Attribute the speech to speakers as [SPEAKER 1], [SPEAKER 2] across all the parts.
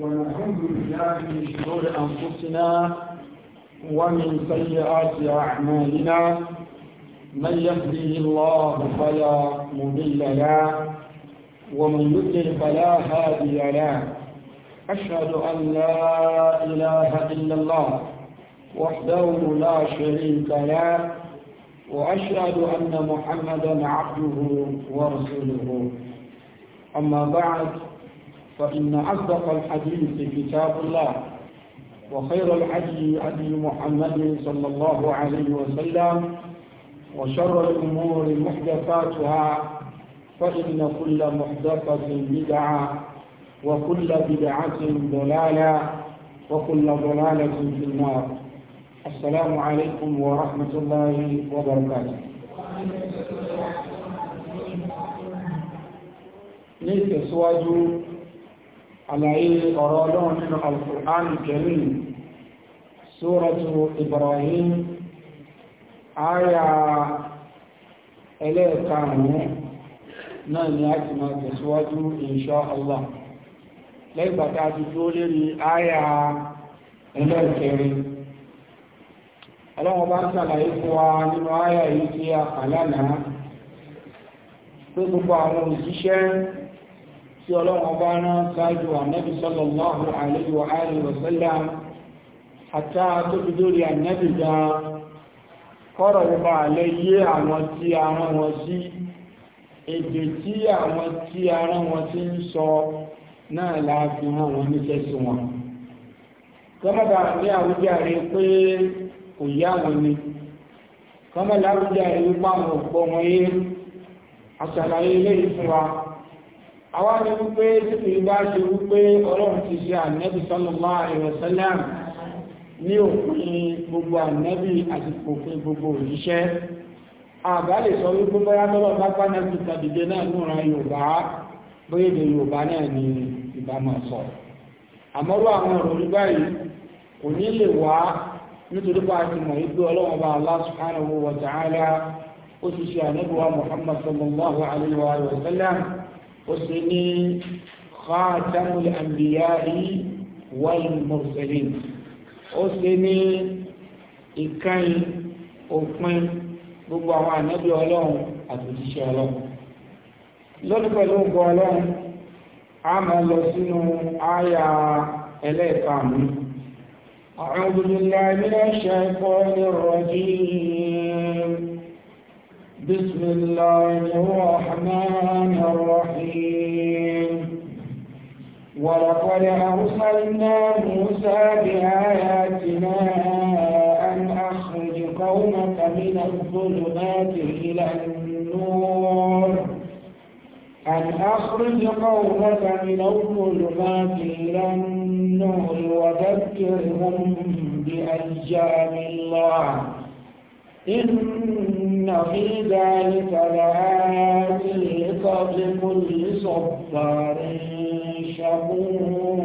[SPEAKER 1] ونعوذ بالله من شرور أنفسنا ومن سيئات أعمالنا من يهديه الله فلا مضل له ومن يضلل فلا هادي له أشهد أن لا إله إلا الله وحده لا شريك له وأشهد أن محمدا عبده ورسوله أما بعد فإن أصدق الحديث كتاب الله وخير الحدي هدي محمد صلى الله عليه وسلم وشر الأمور محدثاتها فإن كل محدثة بدعة وكل بدعة ضلالة وكل ضلالة في النار السلام عليكم ورحمة الله وبركاته ní ìtẹ̀síwájú àlàyé ọ̀rọ̀ ọlọ́run nínú al-Qur'an al Ibrahim àyà ẹlẹ́ẹ̀karùn-ún náà ni a ti máa tẹ̀síwájú Allah lẹ́gbàtà ti tó lérí àyà ẹlẹ́ẹ̀kẹrin ọlọ́run bá ń sàlàyé fún wa nínú àyà yìí tí a kà lánàá pé gbogbo àwọn òṣìṣẹ́ tí ọlọ́run ọba rán ṣáájú ànábì sallallahu alaihi wa àtà tó fi dórí ànábì gan kọ́rọ̀ ọba alẹ́ yé àwọn tí a rán wọn sí èdè tí àwọn tí a rán wọn sí ń sọ náà la wọn níṣẹ́ sí wọn kọ́mọ̀bà ní àwùjáre pé kò yá wọn ni kọ́mọ̀lá àwọn òpó wọn yé àṣàlàyé lẹ́yìn fún wa awa ni wípé títí bá ṣe wípé ọlọ́run ti ṣe ànẹ́bí sallallahu alaihi wasallam ní òpin gbogbo ànẹ́bí àti gbogbo òṣìṣẹ́ àbá lè sọ wípé bóyá tọ́lọ̀ bá pàdé ti tàbídé náà núra yorùbá bóyá èdè yorùbá náà ni sọ àmọ́rú àwọn ọ̀rọ̀ orí báyìí kò ní lè wá nítorí a mọ̀ wípé ọlọ́run bá Allah subhanahu wa ó sì ní khatamul anbiya'i wal mursalin ó sì ní ìkànnì òpin gbogbo àwọn ànábì ọlọ́run àti ọlọ́run lónìí pẹ̀lú ògbọ́ ọlọ́run a máa lọ sínú àyà ẹlẹ́ẹ̀kàmù أعوذ بالله من الشيطان الرجيم بسم الله الرحمن الرحيم ولقد أرسلنا موسى بآياتنا أن أخرج قومك من الظلمات إلى النور أن أخرج قومك من الظلمات إلى النور وذكرهم بأيام الله إن في ذلك لآية قبل كل صبار شكور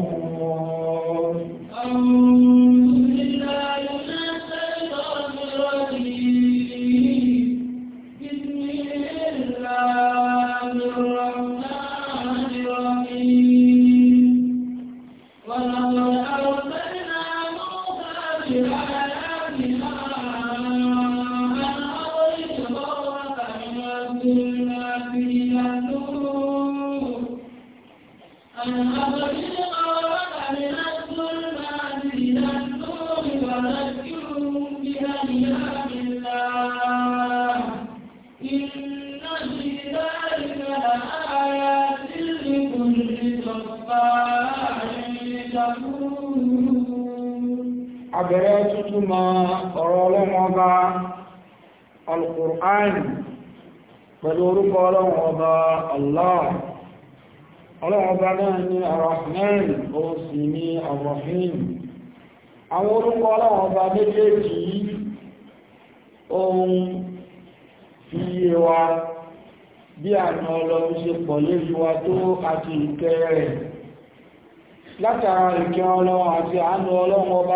[SPEAKER 1] pẹ̀lú orúkọ ọlọ́run ọba Allah ọlọ́run ọba náà ni ar ó sì orúkọ ọlọ́run ọba ohun fi yé wa bí àna ọlọ́run ṣe pọ̀ wa tó àti ìkẹ́ rẹ̀ látara ìkẹ́ ọlọ́run àti àánú ọba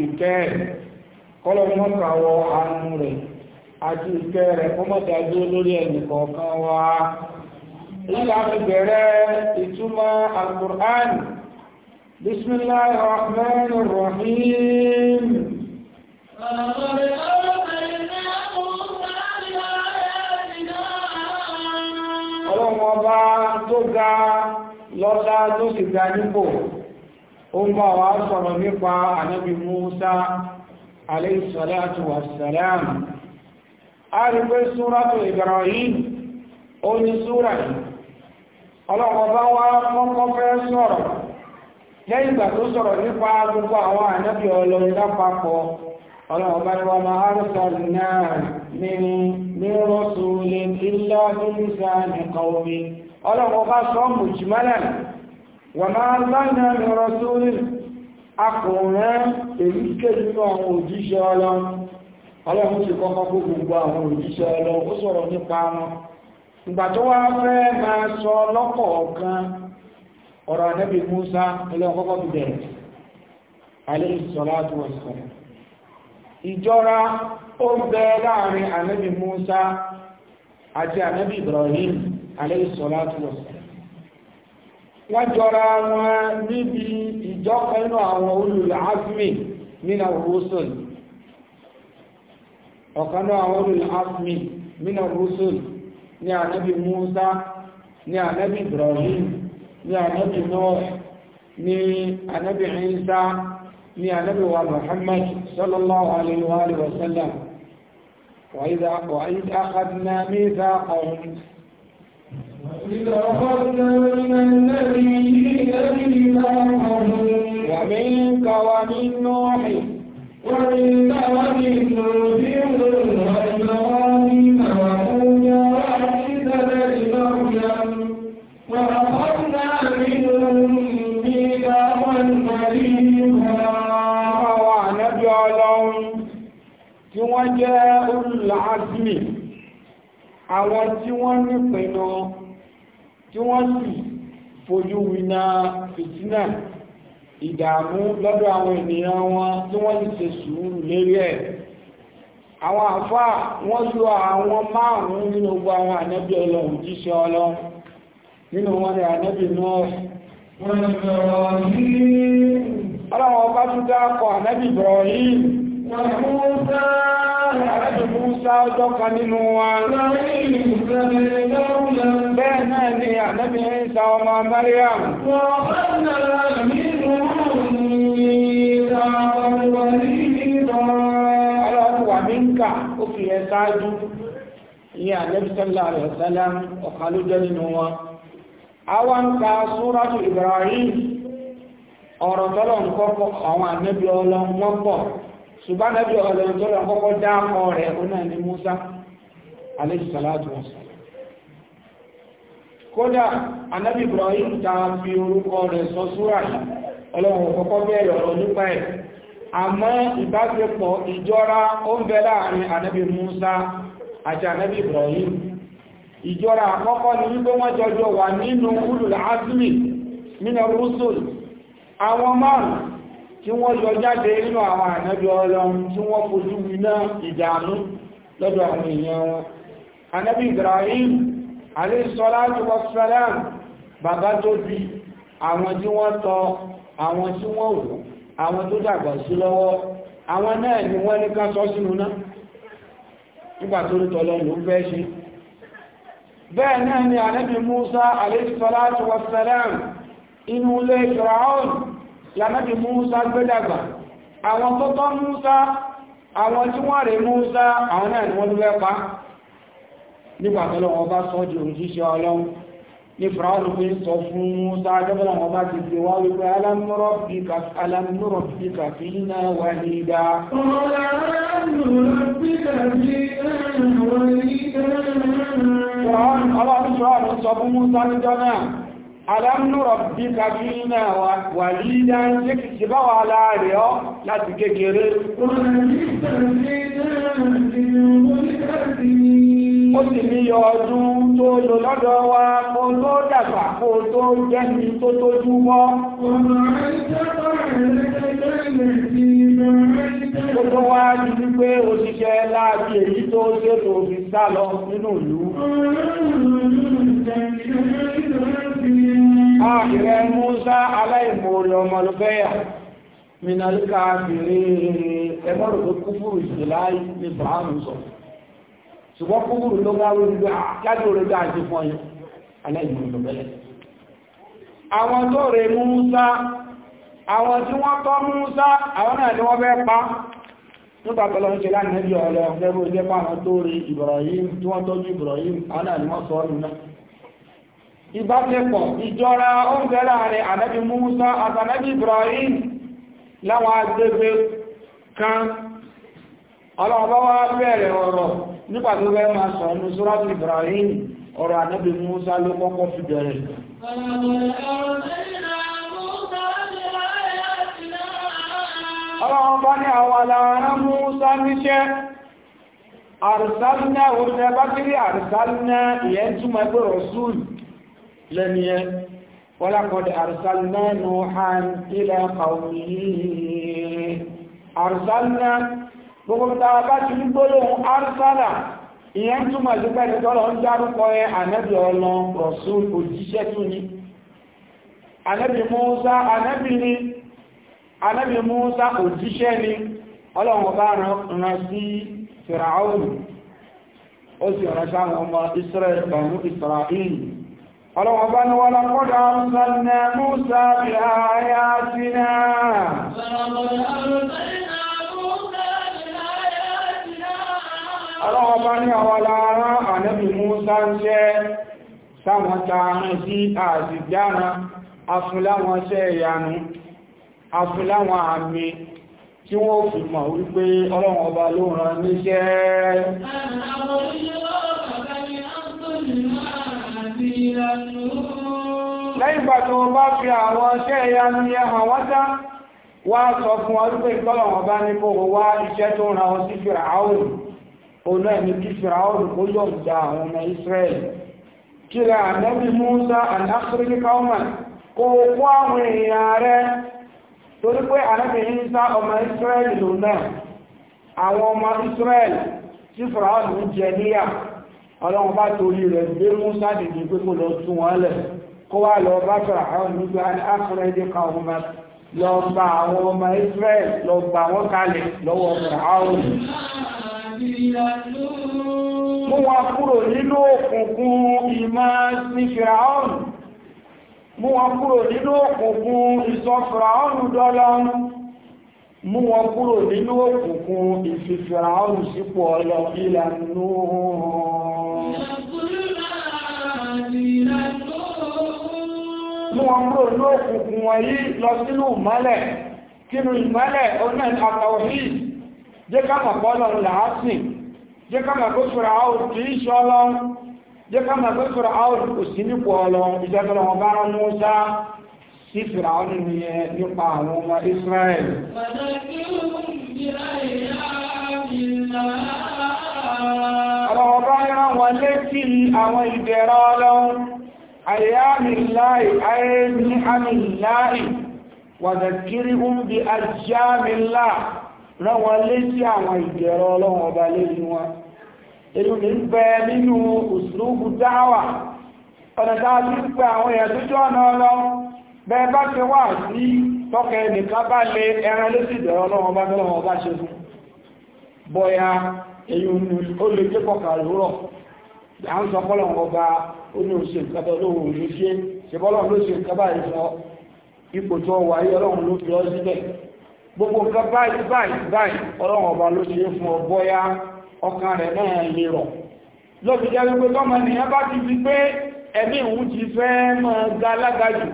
[SPEAKER 1] lérí kọ́lọ̀mọ́ta wọ àánú rẹ̀ àti ìkẹ́ rẹ̀ kọ́mọ́dájú lórí ẹ̀yìn kọ̀ọ̀kan wa ilá fi bẹ̀rẹ̀ ìtumọ̀ al-Qur'an bismillahir rahmanir rahim ọlọ́run ọba tó ga lọ́lá tó sì ga nípò ó ń bá wa sọ̀rọ̀ nípa ànábì Mùsá alayhi salatu wassalam a rí pé súrátù Ibrahim ó ní súrà yìí ọlọ́pọ̀bá wá kọ́kọ́ fẹ́ sọ̀rọ̀ lẹ́yìn ìgbà tó sọ̀rọ̀ nípa gbogbo àwọn ànábì ọlọ́rin lápapọ̀ ọlọ́pọ̀bá ni wọ́n máa rúsàlù náà ní rọ́sù lè ilá nílùsà nìkan omi ọlọ́pọ̀bá sọ́mù jìmọ́lẹ̀ wọ́n máa rúsàlù náà ní rọ́sù lè akụrụ èyí kéjì ní àwọn òjíṣẹ́ ọlọ́run ọlọ́run ti kọ́kọ́ gbogbo àwọn òjíṣẹ́ ọlọ́run ó sọ̀rọ̀ nípa sọ ìjọra ó bẹ láàrin àti Ibrahim wọ́n jọra wọn níbi ìjọ́kẹ́nu àwọn olùlàásmì nínú rúsùn ọ̀kanú àwọn olùlàásmì nínú rúsùn ní ànábì Musa ní ànábì Ibrahim ní ànábì Nuh ní ànábì Isa ní ànábì wa Muhammad sallallahu alaihi wa sallam وإذا أخذنا ميثاقهم إذا أخذنا من النبيين بما ومنك ومن نوح dènà fìtínà ìdààmú lọ́dọ̀ àwọn ènìyàn wọn tí wọ́n ti ṣe sùúrù lérí ẹ̀ àwọn àfáà wọ́n lò àwọn márùn-ún nínú gbogbo àwọn ànábì ọlọ́run jíṣẹ́ ọlọ́run nínú wọn ni ànábì ọlọ́run ọba tún dákọ̀ Ìsá ọmọ Mariam. Ọlọ́wà mi ń kà ó fi ẹ sáájú ní àlẹ́bísọ́lá rẹ̀ sẹ́lá ọ̀kan ló jẹ́ nínú wọn. A wá ń ka Súrátù Ibrahim ọ̀rọ̀ tọ́lọ̀ ń kọ́kọ́ àwọn ànẹ́bí ọlọ́run wọ́n pọ̀ ṣùgbọ́n ànẹ́bí ọlọ́run tọ́lọ̀ ń kọ́kọ́ dá ọ̀rẹ́ onáà ní Musa alayhi salatu wassalam kódà anábì Ibrahim ta fi orúkọ rẹ̀ sọ súrà yìí ọlọ́run kọ́kọ́ bẹ̀rẹ̀ ọ̀rọ̀ nípa ẹ̀ àmọ́ ìbáṣepọ̀ ìjọra ó ń bẹ láàrin anábì Musa àti anábì Ibrahim ìjọra àkọ́kọ́ ni wípé wọ́n jọjọ wà nínú ulul nínú rusul àwọn márùn tí wọ́n yọ jáde nínú àwọn ànábì ọlọ́run tí wọ́n fojú ìdààmú lọ́dọ̀ àwọn èèyàn wọn aléṣọ́láàtù wọ́sàlám bàbá tó bí àwọn tí wọ́n tọ́ àwọn tí wọ́n wù àwọn tó dàgbà sí lọ́wọ́ àwọn náà ni wọ́n ní ká sọ sínú náà nígbà tó rítọ̀ lọ́nà ń fẹ́ ṣe bẹ́ẹ̀ náà ni ànábì Musa aléṣọ́láàtù wọ́sàlám inú ilé ìṣọ́ráhùn lànábì Musa gbẹ́dàgbà àwọn tó tọ́ Musa àwọn tí wọ́n rẹ̀ Musa àwọn náà ni wọ́n nígbà tó lọ́wọ́ bá sọ́ di òjíṣẹ́ ọlọ́run ní fìràánù pé ń sọ fún Mùsá jẹ́bọ́lá wọn bá ti fi wá wípé alámúrọ̀ bí kàfí náà wà ní ìdá ọlọ́run sọ fún Mùsá níjọ́ náà alámúrọ̀ bí kàfí náà wà ní ìdá ṣe kì sí báwà láàrẹ̀ ọ́ láti kékeré ọlọ́run ó sì ní yọ ọdún tó lò lọ́dọ̀ wa kó tó dàgbà kó tó jẹ́ni tó tójú mọ́. Gbogbo wa ti ní pé òṣìṣẹ́ láàbí èyí tó ṣètò òfin sá lọ nínú ìlú. Ààrẹ Musa aláìmoore ọmọ ló fẹ́yà fèrè ẹgbọ́n rẹ̀ kúfúrú ìṣẹ̀lá ní Bàánù sọ̀rọ̀ ṣùgbọ́n kúrú ló wá lórí bí àkájò rẹ̀ dáa jí fún ọyọ́ aláìmọ̀ ìlọ̀bẹ̀lẹ̀ àwọn tó rẹ̀ Músá àwọn tí wọ́n tọ́ Músá àwọn náà ni wọ́n bẹ́ pa nípa pẹ̀lọ ń ṣe lánàájú ọ̀rọ̀ Ibrahim tí wọ́n Ibrahim àwọn náà ni wọ́n sọ ọ́rùn náà ìbáṣepọ̀ ìjọra oúnjẹ láàrin ànábì Músá àtànábì Ibrahim láwọn agbègbè kan ọlọ́ọ̀bá wá bẹ̀rẹ̀ ọ̀rọ̀ nípa tó fẹ́ máa sọ ọmọ sọ́rọ̀tù Ibrahim ọ̀rọ̀ ànábì Musa ló kọ́kọ́ fi bẹ̀rẹ̀ ọlọ́run bá ní àwàlà ara Musa níṣẹ́ àrùsálínà orílẹ̀ bákírí àrùsálínà ìyẹ́ gbogbo tàà bá ti ní gbólóhùn arsala ìyẹn túmọ̀ sí pẹ́ni tọ́lọ ń dárúkọ ẹ ànẹ́bì ọlọ rọ̀sùn òjíṣẹ́ tún ni ni ànẹ́bì Mùsá òjíṣẹ́ ni ọlọ́run bá rán sí fìràáùn ó sì rán sáwọn ọmọ Israẹli pẹ̀lú Israẹli ọlọ́run bá ní wọ́n lọ́kọ́dọ̀ bí ayá ọlọ́wọ́ bá ní àwọn alára ànẹ́bì Mùsá ń ṣẹ́ sáwọn tààrin sí àṣìjára afúnláwọn ṣẹ́ ìyanu afúnláwọn àmì tí wọ́n fi mọ̀ wípé ọlọ́wọ́ ọba ló rán níṣẹ́ lẹ́yìn bá bá fi àwọn ṣẹ́ ìyanu yẹ hàn wá sọ fún ọdún pé bá ní wá iṣẹ́ tó rán ọ sí ọ̀nà ẹni kí fìràwọ̀n kó yọ̀ǹda àwọn ọmọ Israel kíra ànábì Musa aláṣírí káwọ́màn kó kó àwọn èèyàn rẹ̀ torí pé ànábì Isa ọmọ Israel lò náà àwọn ọmọ Israel tí fìràwọ̀n ń jẹ níyà ọlọ́run bá torí rẹ̀ gbé Musa dìde pé kó lọ tún wọn lẹ̀ kó wá lọ bá fìràwọ̀n nígbà àwọn ọmọ Israel lọ wọn kalẹ̀ lọ́wọ́ fìràwọ̀n Mú wa kúrò nínú òkùnkùn ìmọ̀ sí Fìràọ́nù. Mú wa kúrò nínú òkùnkùn ìsọ Fìràọ́nù dọ́lọ. Mú wa kúrò nínú òkùnkùn ìfi sípò ọlọ ìlànà Mú wa kúrò nínú òkùnkùn wọ̀nyí lọ sínú ìmọ́lẹ̀. Kínú ìmọ́lẹ̀ oní àtàwọ̀ yìí jẹ́ ká mọ̀ pọ́ lọ́rùn làásìn jẹ́ ká mọ̀ pé fúra áwò kì í ṣọ́ lọ jẹ́ ká mọ̀ pé fúra áwò kò sí nípò ọlọ ìjọba wọn bá rán Mùsá sí fúra áwò nínú yẹn nípa àwọn ọmọ Israẹl. ọ̀rọ̀ rán wọn létí àwọn ìdẹ̀rọ ọlọ́run ọba lérí wọn èlú ní bẹ nínú uslubu dáwà ọ̀nà dáadé ń pẹ àwọn èèyàn tó jọ́ ọ̀nà ọlọ́ bẹ bá ti wà sí tọ́kẹ nìkan bá lé ẹran létí ìdẹ̀rọ ọlọ́run ọba tọ́lọ́run ọba ṣe fún bọ́ya èyí ó lè jẹ́ kọkà rúrọ̀ à ń sọ pọ́lọ̀wọ̀n ọba ó ní òṣè ìkàtọ̀ lóhun òṣèṣe ṣe pọ́lọ̀wọ̀n ló ṣe ìkàbà ìfọ́ ipò tó wà yí ọlọ́run ló fi ọ́ síbẹ̀ gbogbo nǹkan báyìí báyìí báyìí ọlọ́run ọba ló ṣe fún ọ bọ́yá ọkàn rẹ̀ náà lè rọ̀ lọ́bi jẹ́ wípé lọ́mọ ènìyàn bá ti fi pé ẹ̀mí ìhun ti fẹ́ mọ́ galága jù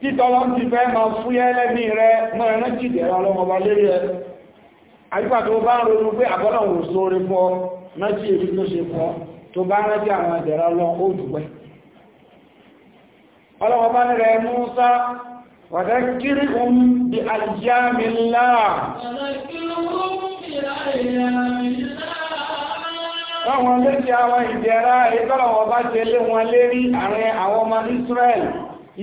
[SPEAKER 1] títọ́lọ́ ti fẹ́ mọ́ fúyẹ́ lẹ́mí rẹ mọ́ ẹran jìdẹ̀rọ ọlọ́run ọba lérí ẹ àyípa tó bá ń ronú pé àbọ́lọ̀ wò sóore fún ọ rántí èyí tó ṣe fún ọ tó bá rántí وذكرهم بأيام الله Táwọn méjì àwọn ìdẹ̀ra ìtọ́lọ̀ wọn bá ṣe lé wọn lérí àárín àwọn ọmọ Israẹ̀lì.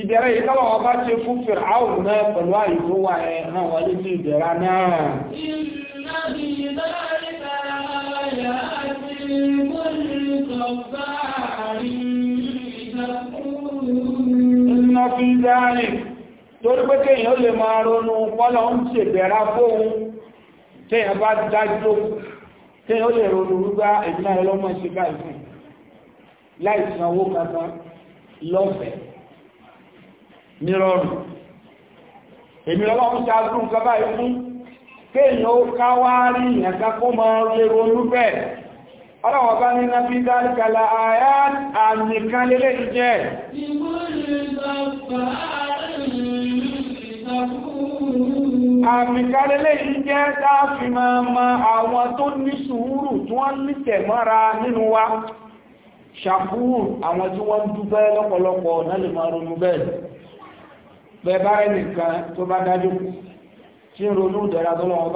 [SPEAKER 1] Ìdẹ̀ra ìtọ́lọ̀ wọn bá ṣe fún Fìràáùn náà pẹ̀lú àìtó wà ẹ̀hàn wọn lé sí ìdẹ̀ra náà. Ìnàbí ìdẹ̀ra torí pé kéèyàn lè máa ronú pọ́lọ̀ ń ṣèbẹ̀rá fóun téèyàn bá dájú téèyàn lè ronú rúgbá ah, ìdínà ọlọ́mọ ṣe káàkiri láì sanwó kankan lọ́fẹ̀ẹ́ nírọ̀rùn èmi ọlọ́run ṣáàdùn kọba ikú kéèyàn ó káwá rí ìyànká kó mọ lè ronú bẹ́ẹ̀ ọlọ́wọ̀ bá ní náà bí dáríkàlà àmì kan lélẹ́ ìjẹ́ ìgbóhùn Àmìkálélé yìí jẹ́ káàfi máa ma àwọn tó ní sùúrù tí wọ́n ní tẹ̀mọ́ra nínú wa. Ṣàkúrù àwọn tí wọ́n dúpẹ́ lọ́pọ̀lọpọ̀ náà lè máa ronú bẹ́ẹ̀. Bẹ̀bá ẹnìkan tó bá dájú tí ń ronú ìdẹ̀ra tó lọ́wọ́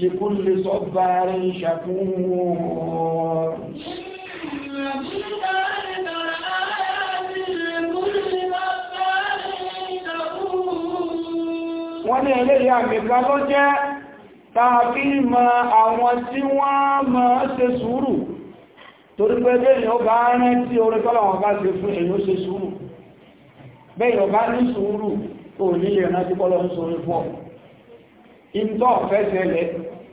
[SPEAKER 1] lèkúlè sọ́bàárẹ̀ ìṣàkúrò wọ́n ní ẹlẹ́ ìyá mẹ́ta ló jẹ́ tàbí ma àwọn tí wọ́n ma ṣe sùúrù torí pé bẹ́yìn ọba rẹ̀ tí orí tọ́lọ̀ wọn bá ṣe fún èyí ó ṣe sùúrù bẹ́yìn ọba ní sùúrù ò nílẹ̀ rántí kọ́lọ̀ ń sọ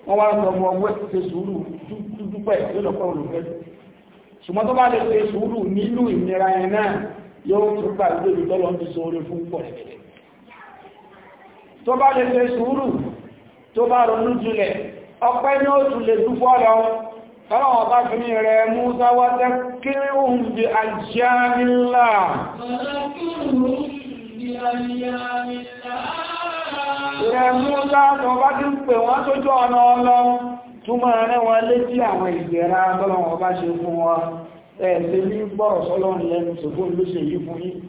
[SPEAKER 1] wọ́n wá sọ ọmọ ọgbẹ́ ṣe sùúrù dúdúpẹ̀ yóò lọ́pọ̀ olùfẹ́ ṣùgbọ́n tó bá lè ṣe sùúrù nínú ìnira ẹ̀ náà yóò tún gbà gbé ìtọ́lọ́ ti sọ orí fún pọ̀ tó bá lè ṣe sùúrù tó bá ronú jùlẹ̀ ọpẹ́ ní ó tún lè dúpọ́ lọ tọ́lọ́wọ́ bá fi ní rẹ̀ Musa wá tẹ́ kí òun di àjíyá nílá
[SPEAKER 2] Ọlọ́kùnrin di àjíyá nílá ìrẹ múlá
[SPEAKER 1] bá tí ń pè wọ́n sójú ọ̀nà ọlọ́run túnmọ̀ rẹ̀ wọn létí àwọn ìgbẹ̀ra tọ́lọ́wọ́n bá ṣe fún wọn ẹ̀ẹ́dẹ́ ní gbọ́rọ̀ sọ́lọ́run lẹ́nu ṣògbọ́n ló ṣe yí fún yín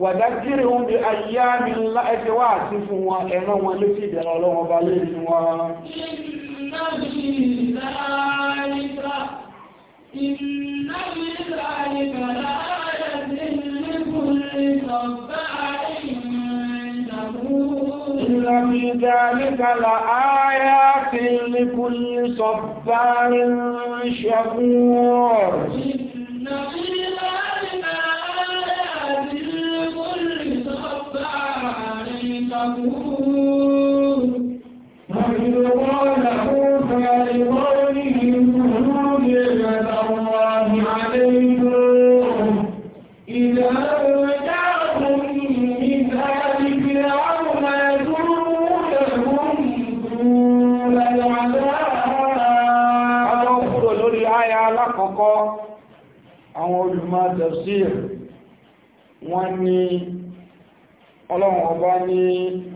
[SPEAKER 1] wàdákìrì ń bí ayé mi ńlá ẹgbẹ́ wà sí fún wọn ẹ̀ràn wọn létí ìdẹ̀rọ ọlọ́wọ́n bá lè ní wọn Ìlàmì ìdáríkà làáyá fi lè
[SPEAKER 2] يتقون
[SPEAKER 1] فإن قال موسى لقومهم كلوا نعمة الله عليكم إذا رجعتم من آل فرعون يسومونكم سوء العذاب. أخذ لوري آية alákọ̀ọ́kọ́ àwọn olùmọ̀ tafsir wọ́n ní ọlọ́run ọba ní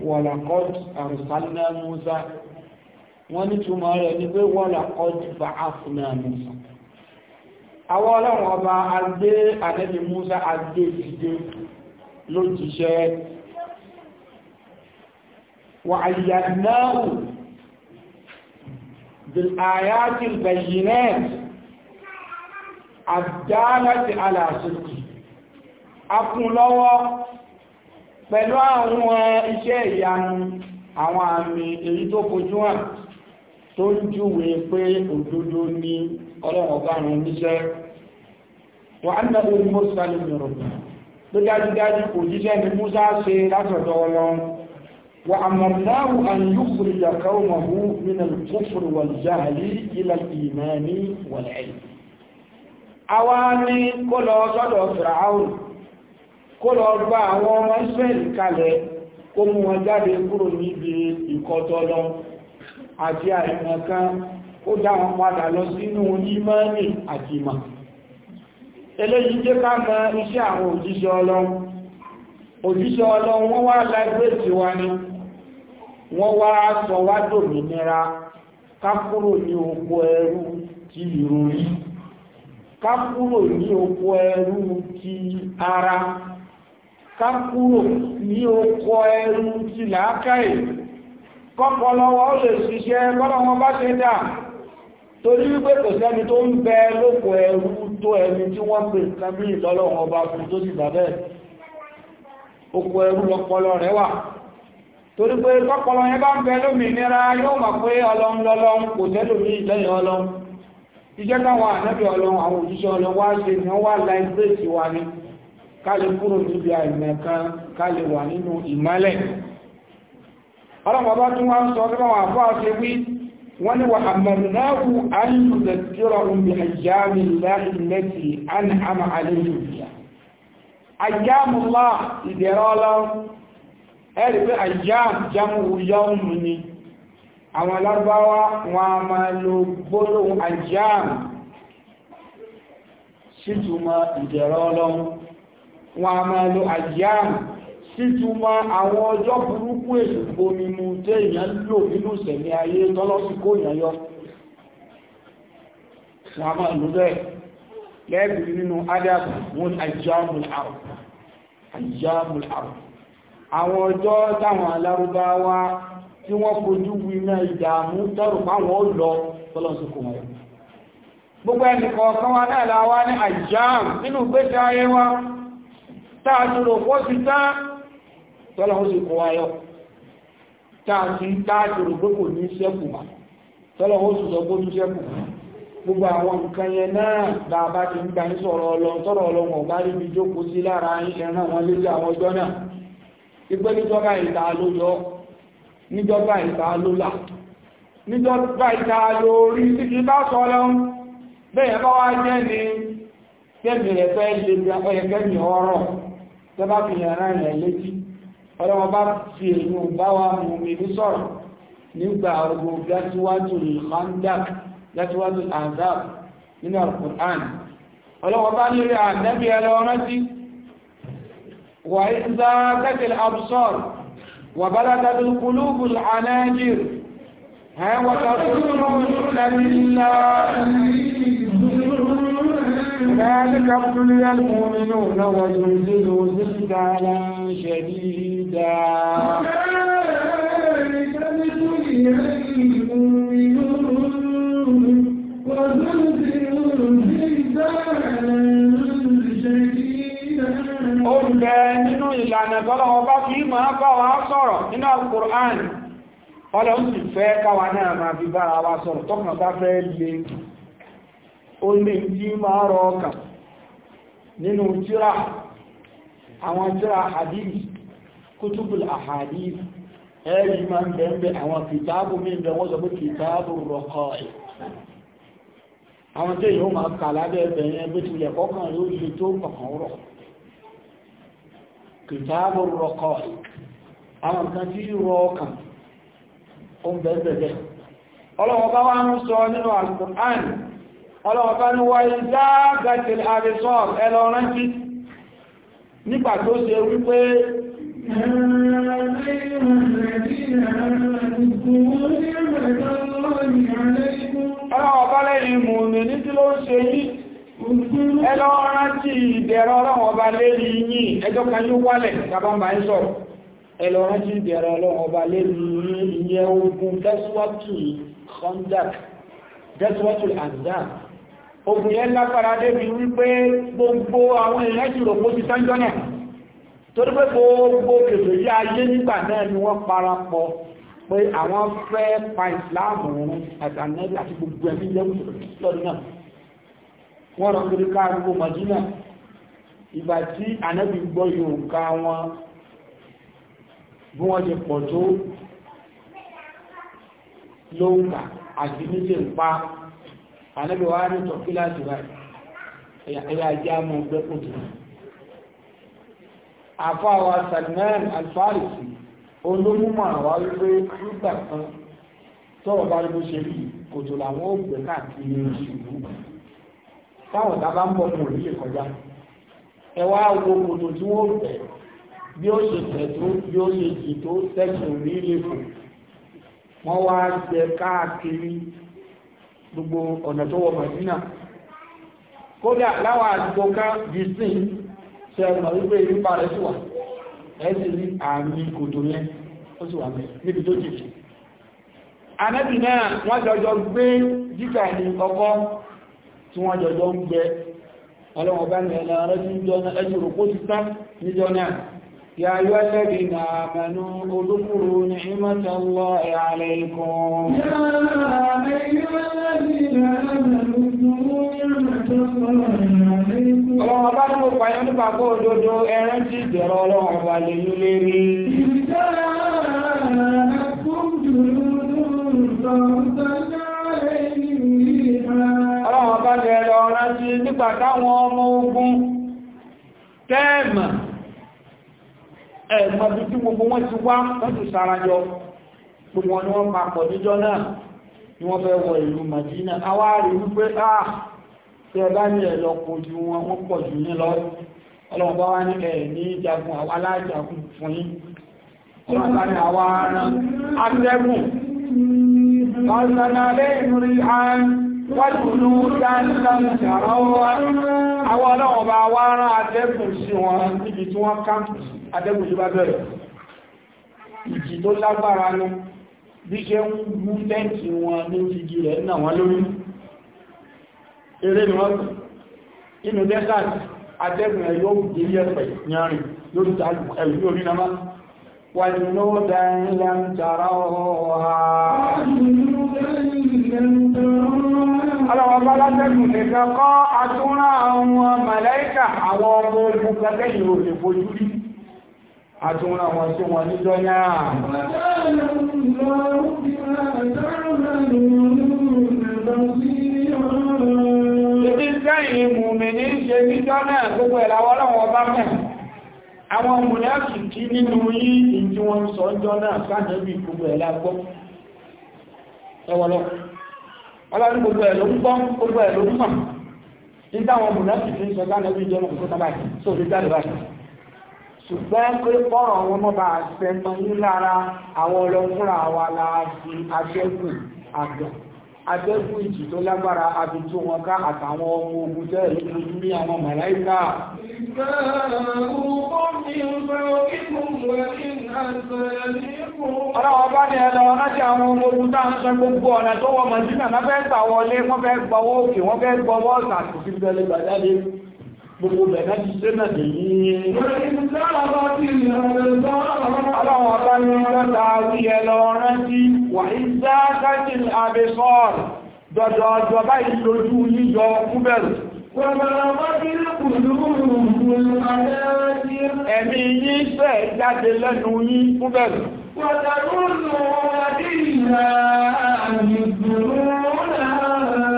[SPEAKER 1] wọ̀làkọ́d àrùsánná Musa wọ́n ní túmọ̀ rẹ̀ ní pé wọ́làkọ́d bá áfúnná Musa àwọn ọlọ́run ọba agbé ànábì Musa agbé ìdíje ló jíṣẹ́ wà àyànáhù بالآيات البينات الدالة على صدقه أقول pẹ̀lú àwọn iṣẹ́ ìyanu àwọn àmì èyí tó fojú hàn tó ń júwe pé òdodo ni ọlọ́run ọba rẹ̀ níṣẹ́ wà á nàbó ní mọ́sá lè mìíràn tó dájúdájú kò jíṣẹ́ ni Musa ṣe látọ̀dọ̀ ọlọ́run kó lọ gba àwọn ọmọ Ísírẹ́lì kalẹ̀ kó mú wọn jáde kúrò níbi ìkọtọlọ àti àìmọ̀ kan ó dá wọn padà lọ sínú ìmọ́ni àti ìmọ̀ eléyìí ká mọ iṣẹ́ àwọn òjíṣẹ́ Ọlọ́run òjíṣẹ́ Ọlọ́run wọ́n wá ní oko ẹrú ti ìròyìn ní ti ara ká kúrò ní oko ẹrù ti làákàyè kọ́pọ̀lọwọ́ ó lè ṣiṣẹ́ kọ́lọ́wọ́ bá ṣe dà torí wípé kò sẹ́ni tó ń bẹ lóko ẹrù tó ẹni tí wọ́n pè kàmí ìtọ́lọ́wọ́ bá fún tó sì bàbẹ́ oko ẹrù lọ́pọlọ rẹ̀ wà torí pé kọ́pọlọ yẹn bá ń bẹ lómìnira yóò mọ̀ pé ọlọ́mlọ́lọ́m kò tẹ́lòmí ìtẹ́yìn ọlọ́m iṣẹ́ káwọn ànábì ọlọ́run àwọn òjíṣẹ́ ọlọ́run wá ṣe ni wọ́n wá láìpẹ́ ìwà ni kálí kúrò níbi àìmẹ̀kan kálí wà nínú ìmálẹ̀ ọlọ́pàá tún wá ń sọ nípa wọn àfáà ṣe wí wọ́n ni wà àmàrùnáwù àìyùdẹ̀ tí ó rọrùn bí àjámi láìlẹ́tì àmà àlẹ́yìnbíyà àjámùlá ìdẹ̀rọ ọlọ́run ẹ̀rì pé àwọn alábáwá wọn a máa lo gbólóhùn àjám sí túnmọ̀ ìdẹ̀rọ ọlọ́run wọn a máa lo àjíyàmù títúmọ̀ àwọn ọjọ́ burúkú èsù gbomi mu tẹ́ èèyàn lò nínú ìsẹ̀mí ayé tọ́lọ́sí kó èèyàn yọ wọn a máa lò bẹ́ẹ̀ lẹ́bìí nínú adab wọn àjíyàmù àrùn àjíyàmù àrùn àwọn ọjọ́ táwọn alárúbáwá tí wọ́n kojú winá ìdààmú tọ́rù páwọn ó lọ tọ́lọ́sí kó gbogbo ẹnì wa náà la wá ní àjíyàmù nínú ìgbésí ayé wa táàtúrò pọ́ ti tá tọ́lọ́wọ́ sí kọ́ ayọ́ táàtí táàtúrò pé kò ní sẹ́kù bá sí sọ ní sẹ́kù gbogbo àwọn nǹkan yẹn náà ti ń sọ̀rọ̀ rí bí jókòó wọn lé àwọn ọjọ́ náà níjọba ìta ló yọ níjọba ìta ló là níjọba ìta ló rí bá bẹ́ẹ̀ bá wá ni fẹ́ lè tẹ́bá fi yàrá ìrìn létí ọlọ́wọ́ bá fi èyí bá wà mú mi ní sọ̀rọ̀ nígbà ogun gẹ́síwájú khandak gẹ́síwájú azab nínú al-Qur'an ọlọ́wọ́ bá nílé àdẹ́bí ẹlọ́rántí wà ìzá كذلك ابتلي المؤمنون وزلزلوا زلزالا شديدا
[SPEAKER 2] كذلك ابتلي المؤمنون
[SPEAKER 1] وزلزلوا زلزالا Ó ń bẹ nínú ìlànà tọ́lọ ọba fi máa bá wa sọ̀rọ̀ nínú Al-Qur'an. Ọlọ́run sì fẹ́ káwa náà máa fi bára wa sọ̀rọ̀ tọ́kùnà bá fẹ́ lè ó lè tí máa rọ ọkàn nínú tíra àwọn hadith kútùbùl ẹ̀rì ń bẹ̀ẹ̀bẹ̀ àwọn kìtàbù wọ́n kìtàbù àwọn tí máa kà lábẹ́ ọlọ́wọ́ bá wá ń sọ nínú ọlọ́ọ̀bá ní wà ìdá gẹ̀tìl àrísọ́ ẹlọ rántí nígbà tó ṣe wípé ọlọ́ọ̀bá lẹ́yìn mùmí ní tí ló ń ṣe yí ẹlọ rántí ìbẹ̀rẹ̀ ọlọ́ọ̀bá lẹ́yìn yìí ẹjọ́ kan yóò wálẹ̀ tàbá máa ń sọ̀rọ̀ ẹlọ rántí ìbẹ̀rẹ̀ ọlọ́ọ̀bá lẹ́yìn ìyẹn ogun dẹ́síwátù khandak dẹ́síwátù àǹdáà ogun yẹn lágbára débi wípé gbogbo àwọn èèyàn jùrò bó ti sánjọ́ náà torí pé gbogbo kèfè yí ayé nígbà náà ni wọ́n parapọ̀ pé àwọn fẹ́ pa ìsìláàmù rún àtànẹ́bí àti gbogbo ẹ̀mí lọ́dún náà wọ́n rọ̀ kiri káàrùn-ún mọ̀dínà ìgbà tí ànẹ́bí gbọ́ yòókà wọn bí wọ́n ti pọ̀ tó lóògbà àti níṣẹ́ ń ànábì wa ní tọ̀ kíláàsì báyìí ẹ̀yà ajá mọ̀ ọgbẹ́ kò tó àfa wa Salman Al-Farisi olómúmọ̀ àwa wípé nígbà kan tọ́rọ̀ bá rí bó ṣe rí kòtò làwọn ó gbé káàkiri ìṣòro táwọn tábà ń bọ̀ mọ̀ rí lè kọjá ẹ wá wo kòtò tí wọ́n gbẹ̀ bí ó ṣe tẹ̀ tó bí ó ṣe jì tó tẹ̀sùn ní ilé fò wọ́n wá jẹ káàkiri gbogbo ọ̀nà tó wọ Màdínà kódà láwọn àdúgbò ká gị ṣe ẹ̀mọ̀ wípé nípa rẹ̀ sí wà ẹ̀sì ní àmì kòtò yẹn ó sì wà mẹ́ níbi tó jìjì anẹ́bì náà wọ́n jọjọ gbé jíkà ní ọkọ́ tí wọ́n jọjọ ń gbẹ bá ní ẹ̀lẹ́ ọ̀rẹ́ tí jọ náà ti tán náà onígbàgbọ́ òdodo ẹran tí ìjọra ọlọ́run ọba lè ní lérí. ọlọ́run ọba bẹ̀rẹ̀ ọ̀rán sí nípa táwọn ọmọ ogun tẹ́ẹ̀mà ẹ̀mọ̀ bí tí gbogbo wọn ti wá wọ́n ti sarajọ gbogbo ni wọ́n papọ̀ níjọ́ náà ni wọ́n fẹ́ wọ ìlú Madina awárí wípé ah tẹ́ẹ̀ bá ẹ̀lọ́pọ̀ ju wọn pọ̀ jù ní lọ́wọ́ ọlọ́run bá wá ní ẹ̀ ní jagun àwọn alájagun fún yín ọlọ́run bá àwọn ará atẹ́gùn ọ̀sánàlẹ́ ìrìn àwọn ọlọ́run bá lágbára ní bí ṣe ń mú tẹ́ǹtì wọn ní jígi rẹ̀ náà wọ́n lórí eré ni wọ́n inú desert atẹ́gùn ẹ̀ yóò jẹ́ yẹ́pẹ̀ yánrin yóò ti tààlù ẹ̀lú orí náà wàjúlódà ilẹ̀ ń tàrà ọ̀há aláwọ̀bá látẹ́gùn nìkan kọ́ atúnrà àwọn màláíkà àwọn ọmọ ogun kẹtẹ́yìn ò lè fojú rí atúnrà ẹ̀yìn mùmí ní ṣe níjọ́ náà gbogbo ẹ̀láwọ́ lọ́wọ́ bá mẹ́ àwọn mùnẹ́sù kí nínú yí ìjí wọn sọ ọjọ́ náà sáàdẹ́bì gbogbo ẹ̀lá gbọ́ ẹwọ́lọ́ ọlọ́run gbogbo ẹ̀ ló ń gbọ́ gbogbo ẹ̀ ló ń mọ̀ nígbà àwọn mùnẹ́sù kí ń sọ sáàdẹ́bì jẹ́ ọmọ ìfọ́ta báyìí sóòrí jáde báyìí atẹ́gùn ìjì tó lágbára abitú wọn ká àtàwọn ọmọ ogun tẹ́ ìlú ní àwọn màláìkà. ọlọ́wọ́ bá ní ẹlọ láti àwọn ọmọ ogun tá ń sọ gbogbo ọ̀nà tó wọ màjínà náà fẹ́ gbà wọlé wọ́n fẹ́ gbọ́wọ́ òkè wọ́n fẹ́ gbọ́wọ́ ọ̀sà àti fífẹ́lẹ́ gbàjáde gbogbo bẹ̀rẹ̀ ti ṣe náà lè ní Ọlọ́run ọba ní lọ́ta orí ẹlọ rántí wà ìdá kájìn àbẹ̀sọ́ọ̀rọ̀ dọ̀dọ̀ ọjọ́ báyìí lójú yíyọ kúbẹ̀rù. Ẹ̀mí yí fẹ́ jáde lẹ́nu yí kúbẹ̀rù. Ọlọ́run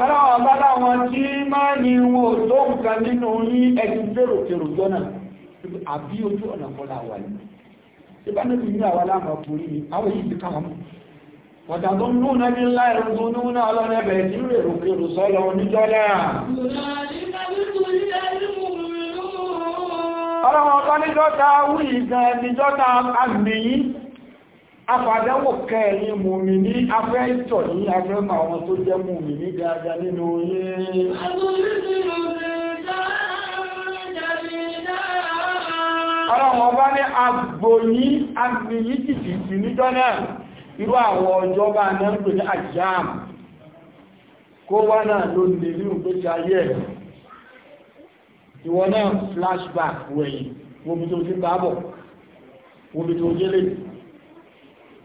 [SPEAKER 1] ọba láwọn ìmáàni wọn ò tó nǹkan nínú ní ẹgbẹ́ bèrò kèrò jọ́nà àbí ojú ọ̀nà kọlá wà ní ní àwọn àwọn ti káwọn ọ̀dàdó tó ń rèrò kèrò sọ́lọ oníjọ́lá ọlọ́run ọ̀tọ́ afàdánwò kẹrin mùmí ní afẹ́ ìtọ̀ ní afẹ́ ma wọn tó jẹ́ mùmí ní dáadáa nínú yìí ọlọ́wọ́n bá ní agbóyí agbìyí tìtì sí níjọ́ náà irú àwọn ọjọ́ bá náà ń pè ní àjáàm kó wá náà ló lè rí òpéjì ayé ẹ̀ ìwọ náà flashback wẹ̀yìn wo bí tó ti bá bọ̀ wo bí tó jẹ́lẹ̀ yìí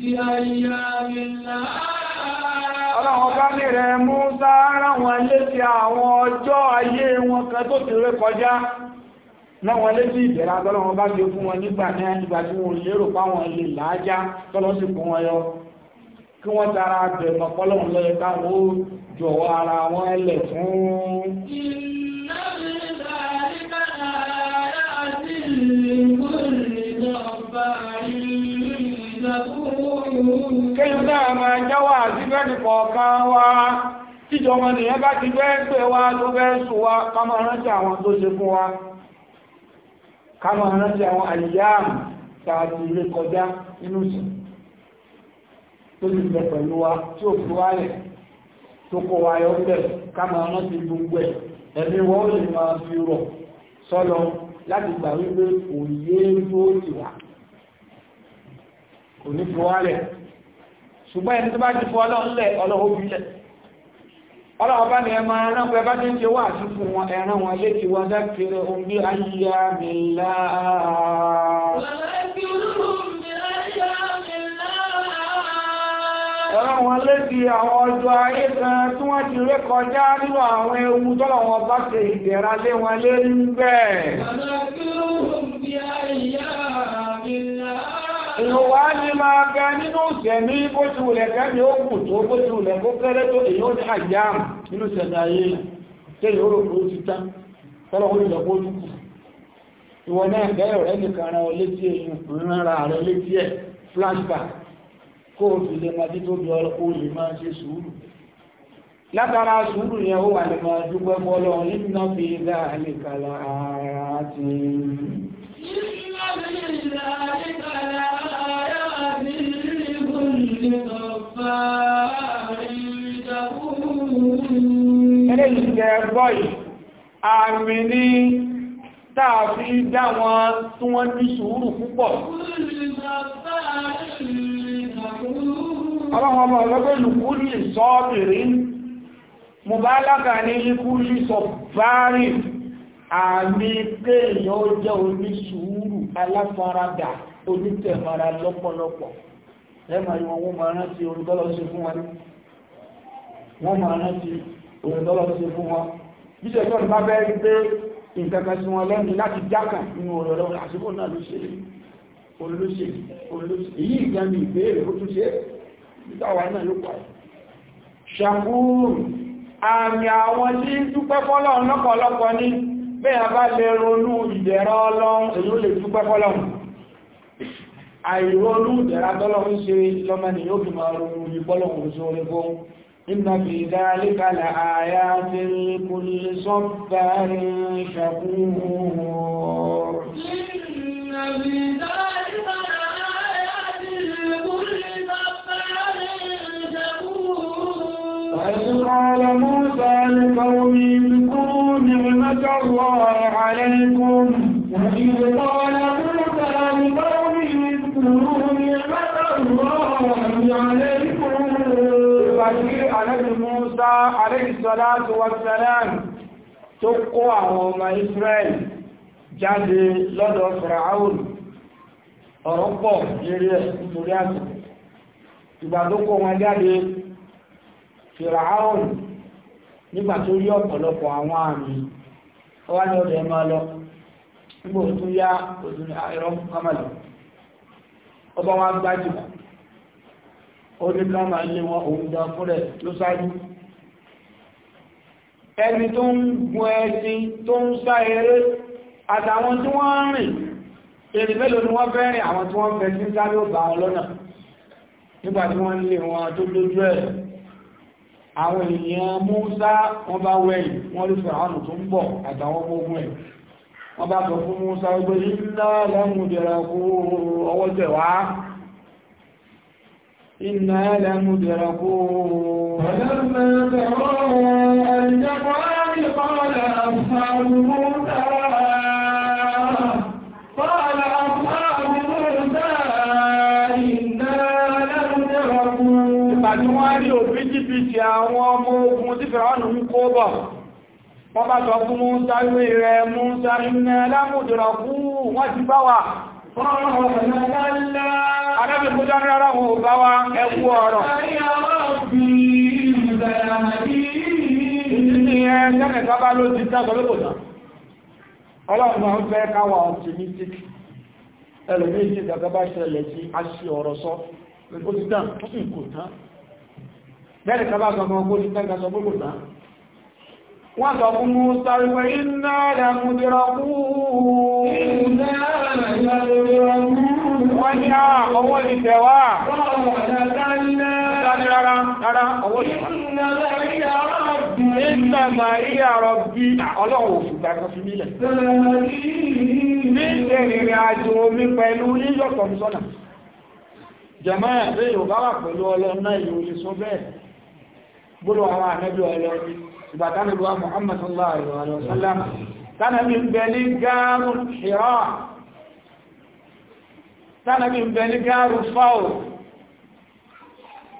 [SPEAKER 1] Ọlọ́run ọba ní rẹ̀ mú sáárá wọn létí àwọn ọjọ́ ayé wọn kan tó ti ré kọjá láwọn létí ìbẹ̀rẹ̀ agbọ́lọ́wọ́n bá gbé fún wọn nígbà náà nígbà tí wọ́n lérò páwọn ilé làájá tọ́lọ́ kéyìn náà máa jáwà síbẹ̀ nìkọ̀ọ̀kan wa tíjọmọ nìyẹn bá ti fẹ́ pè wá tó fẹ́ sùn wa ká máa àwọn tó ṣe fún wa ká máa àwọn ilé kọjá tó pẹ̀lú wa tí fi tó kọ gbogbo ẹ̀ kò ní fi wálẹ̀ ṣùgbọ́n ẹni tó bá ti fọ ọlọ́run lẹ̀ ọlọ́run bí lẹ̀ ọlọ́run bá ní ẹmọ ẹran pẹ bá ti ń ṣe wà sí fún wọn ẹran wọn létí wọn dákẹrẹ ohun bí ayíyá mi láàá
[SPEAKER 2] ọlọ́wọ́n ti ré
[SPEAKER 1] nínú àwọn
[SPEAKER 2] ewu
[SPEAKER 1] èèyàn wá ní máa ga nínú ìsẹ̀mí bó ti wùlẹ̀ kẹ́mi ó kù tó bó ti wùlẹ̀ kó kéré tó èèyàn ní àyàm nínú ìsẹ̀mí ayé tẹ́lẹ̀ ó rò pé ó ti tán tọ́lọ́ ó lọ bó dúkù ìwọ náà bẹ́ẹ̀ rẹ̀ nìkan ara ọ létí èèyàn ríran ara rẹ̀ létí ẹ̀ flashback kó o fi lè máa tó bí lè máa ṣe sùúrù látara sùúrù yẹn ó wà lè máa dúpẹ́ mọ́ lọ́wọ́ fi dáa nìkan lára ti ń Eléyìí jẹ bọ́ì, àmì ní táà fi dá wọn tí wọ́n ní sùúrù púpọ̀. Ọlọ́run ọmọ ọlọ́gbẹ́ lùkúrì sọ́ọ̀bìrí, mo bá lága ní ikúrì sọ̀bárì, àmì kéèyàn jẹ́ onísùúrù aláfaradà onítẹ̀mọ́ra lọ́pọ̀lọpọ̀ ẹmà yíwọn wọ́n máa rántí orin tọ́lọ́ ṣe fún wọn wọ́n máa rántí orin tọ́lọ́ ṣe fún wọn bíṣẹ́ tó ń bá bẹ́ẹ̀ rí pé nǹkan kan sí wọn lẹ́nu láti jákàn nínú ọ̀rọ̀ ọ̀rọ̀ àsìkò náà ló ṣe olóṣè olóṣè èyí ìgbà ní ìbéèrè ó tún ṣe ìtawà náà ló pàdé ṣàkúrù àmì àwọn tí dúpẹ́ fọ́lọ́run lọ́pọ̀lọpọ̀ ní bẹ́ẹ̀ bá lè ronú ìdẹ̀rọ ọlọ́run èyí ó lè dúpẹ́ fọ́lọ́run àìrọ́lú ìdẹ̀ra tọ́lọ́ ń ṣe lọ́mọ ni yóò fi máa ronú ní bọ́lọ̀kùn sí orí fún iná fi dáríkà là àyà tí kò lè sọ́bà ṣàkúrò Musa alayhi àwọn jáde lọ́dọ̀ Fìràáùn ọ̀rọ̀ pọ̀ lérí ẹ̀ àti ìgbà tó kó wọn jáde Fìràáùn nígbà tó rí ọ̀pọ̀lọpọ̀ àwọn àmì ọwá ní ọdọ̀ ẹmọ lọ nígbà tó yá òtún ẹ̀rọ orí ká máa lé wọn òun dá fúnrẹ̀ ló sáájú ẹni tó ń gun ẹṣin tó ń sá eré àtàwọn tí wọ́n rìn èrè mélòó ni wọ́n fẹ́ rìn àwọn tí wọ́n fẹ́ sí sáré ò bá wọn lọ́nà nígbà tí wọ́n lé wọn tó lójú ẹ̀ àwọn èèyàn Músá wọ́n bá wẹ̀yìn wọ́n lè fẹ́ àwọn tó ń bọ̀ àtàwọn ọmọ ẹ̀ wọ́n bá sọ fún Músá gbogbo yìí ńlá lẹ́mùdẹ̀rẹ̀ ọwọ́ tẹ̀ إنا لمدركون فلما ترى الجبال قال أصحاب موسى قال أصحاب موسى إنا لمدركون Ìpàdé wọ́n rí òbíjìbìjì àwọn ọmọ ogun tí Fẹ̀ránù ń kó bọ̀. Wọ́n bá sọ fún Músa ìwé rẹ̀ Músa iná lámùdìràkú wọ́n ti bá wà.
[SPEAKER 2] Wọ́n rọ̀ ọ̀nà lálá.
[SPEAKER 1] Adébìkú jẹ́ rárá wọn ò bá wá. kú ọ̀rọ̀. Ìyẹn tẹ́lẹ̀ká bá ló ti tẹ́ ọ̀sọ̀lẹ́kòtà. optimistic. Ẹlòmí ti dàgbà bá ṣẹlẹ̀ sọ. Ó ti dàn, ó sì kò ọkọ̀ ti tẹ́ gasọ gbogbo tán. Wọ́n sọ fún mú sáré iná rẹ̀ mú wọ́n ní àà owó ti tẹ̀ wá rárá rárá owó Nígbà máa rí àrọ̀ bí ọlọ́run òṣùgbà kan fi nílẹ̀. Ní ìrìnrìn àjò omi pẹ̀lú yíyọ̀tọ̀ sọ́nà. Jẹ̀mọ́ ẹ̀rẹ́ yóò bá wà pẹ̀lú ọlọ́run náà yóò lè sọ bẹ́ẹ̀. Gbọ́dọ̀ àwọn ànẹ́bí ọlọ́run, ìbàtánilúwà Muhammad sallallahu alaihi wa sallam, tánàbí ń bẹ ní gáàrùn-ún tánàbí ń bẹ ní gáàrù fáò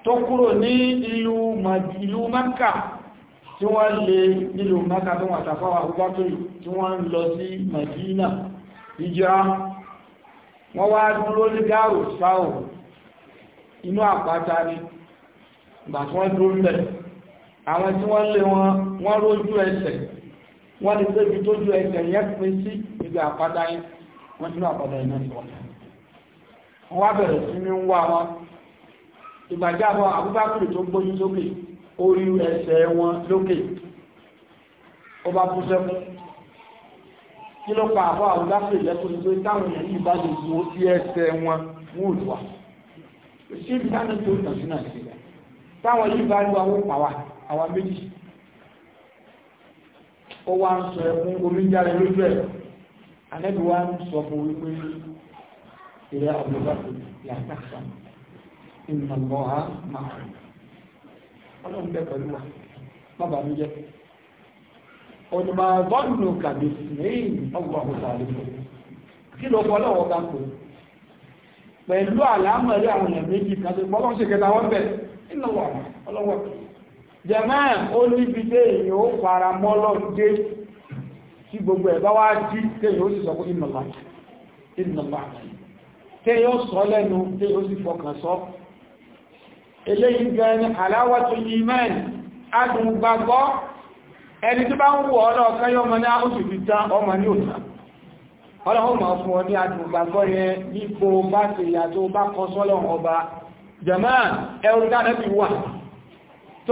[SPEAKER 1] tó kúrò ní ìlú maka tí wọ́n lè nílò maka tó wọ́n tàfáwà àgbàtò tí wọ́n ń lọ sí Madina ìjá wọ́n wá dúró ní gáàrù fáò inú àpáta ni ìgbà tí wọ́n dúró mẹ́ àwọn tí wọ́n lé wọn wọ́n rójú ẹsẹ̀ wọ́n lè tóbi tójú ẹsẹ̀ yẹ́ pín sí ìgbà àpáta yìí wọ́n tún àpáta yìí náà sọ́kàn wọ́n wá bẹ̀rẹ̀ sí ní ń wá wọn ìgbàjábọ̀ àbúbákùrù tó gbóyún lókè orí ẹsẹ̀ wọn lókè ó bá kú sẹ́kún kí ló pa àbọ̀ àbúbákùrù lẹ́kùnrin tó táwọn èèyàn yìí bá lè wo sí ẹsẹ̀ wọn mú ìlúwà sí ibi táwọn tó tàn sí náà sílẹ̀ táwọn yìí bá lu àwọn pàwà àwọn méjì ó wá ń sọ ẹkún omi jáde lójú ẹ̀ anẹ́bí wá ń sọ fún wípé يا أبو بكر لا تخشى إن الله معك ọlọ́run tẹ́ yóò sọ lẹ́nu tẹ́ yóò sì fọkàn sọ eléyìí gan ni aláwọ̀tò ìmẹ́ẹ̀n adùn gbàgbọ́ ẹni tó bá ń wù ọ́ lọ́ọ̀kan yóò mọ ní oṣù fi tán ọmọ ní òtà ọlọ́run mọ̀ fún ọ ní adùn gbàgbọ́ yẹn nípo bá ṣe ìyàtọ̀ bá kọ sọ́lọ́run ọba ti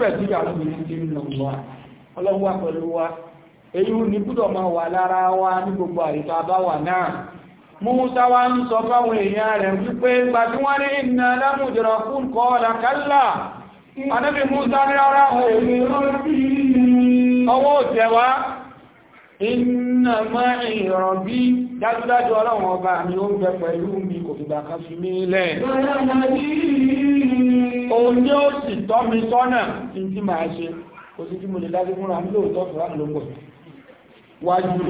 [SPEAKER 1] wà bá wò wọ́n ọlọ́run wà pẹ̀lú wa èyí ní gbúdọ̀ máa wà lára wa ní gbogbo àyíká bá wà náà Músa wá ń sọ fáwọn èèyàn rẹ̀ wípé gbà tí wọ́n ní inna lamudrakun qala kalla anábì ara ọwọ́ òtẹ̀wá inna ma'i rabbi dájúdájú ọlọ́run ọba mi ó ń bẹ pẹ̀lú mi kò fìgbà kan fi mí lẹ̀ kò sí tí mo lè dájú fúnra mi lóòótọ́ fúnra mi wájú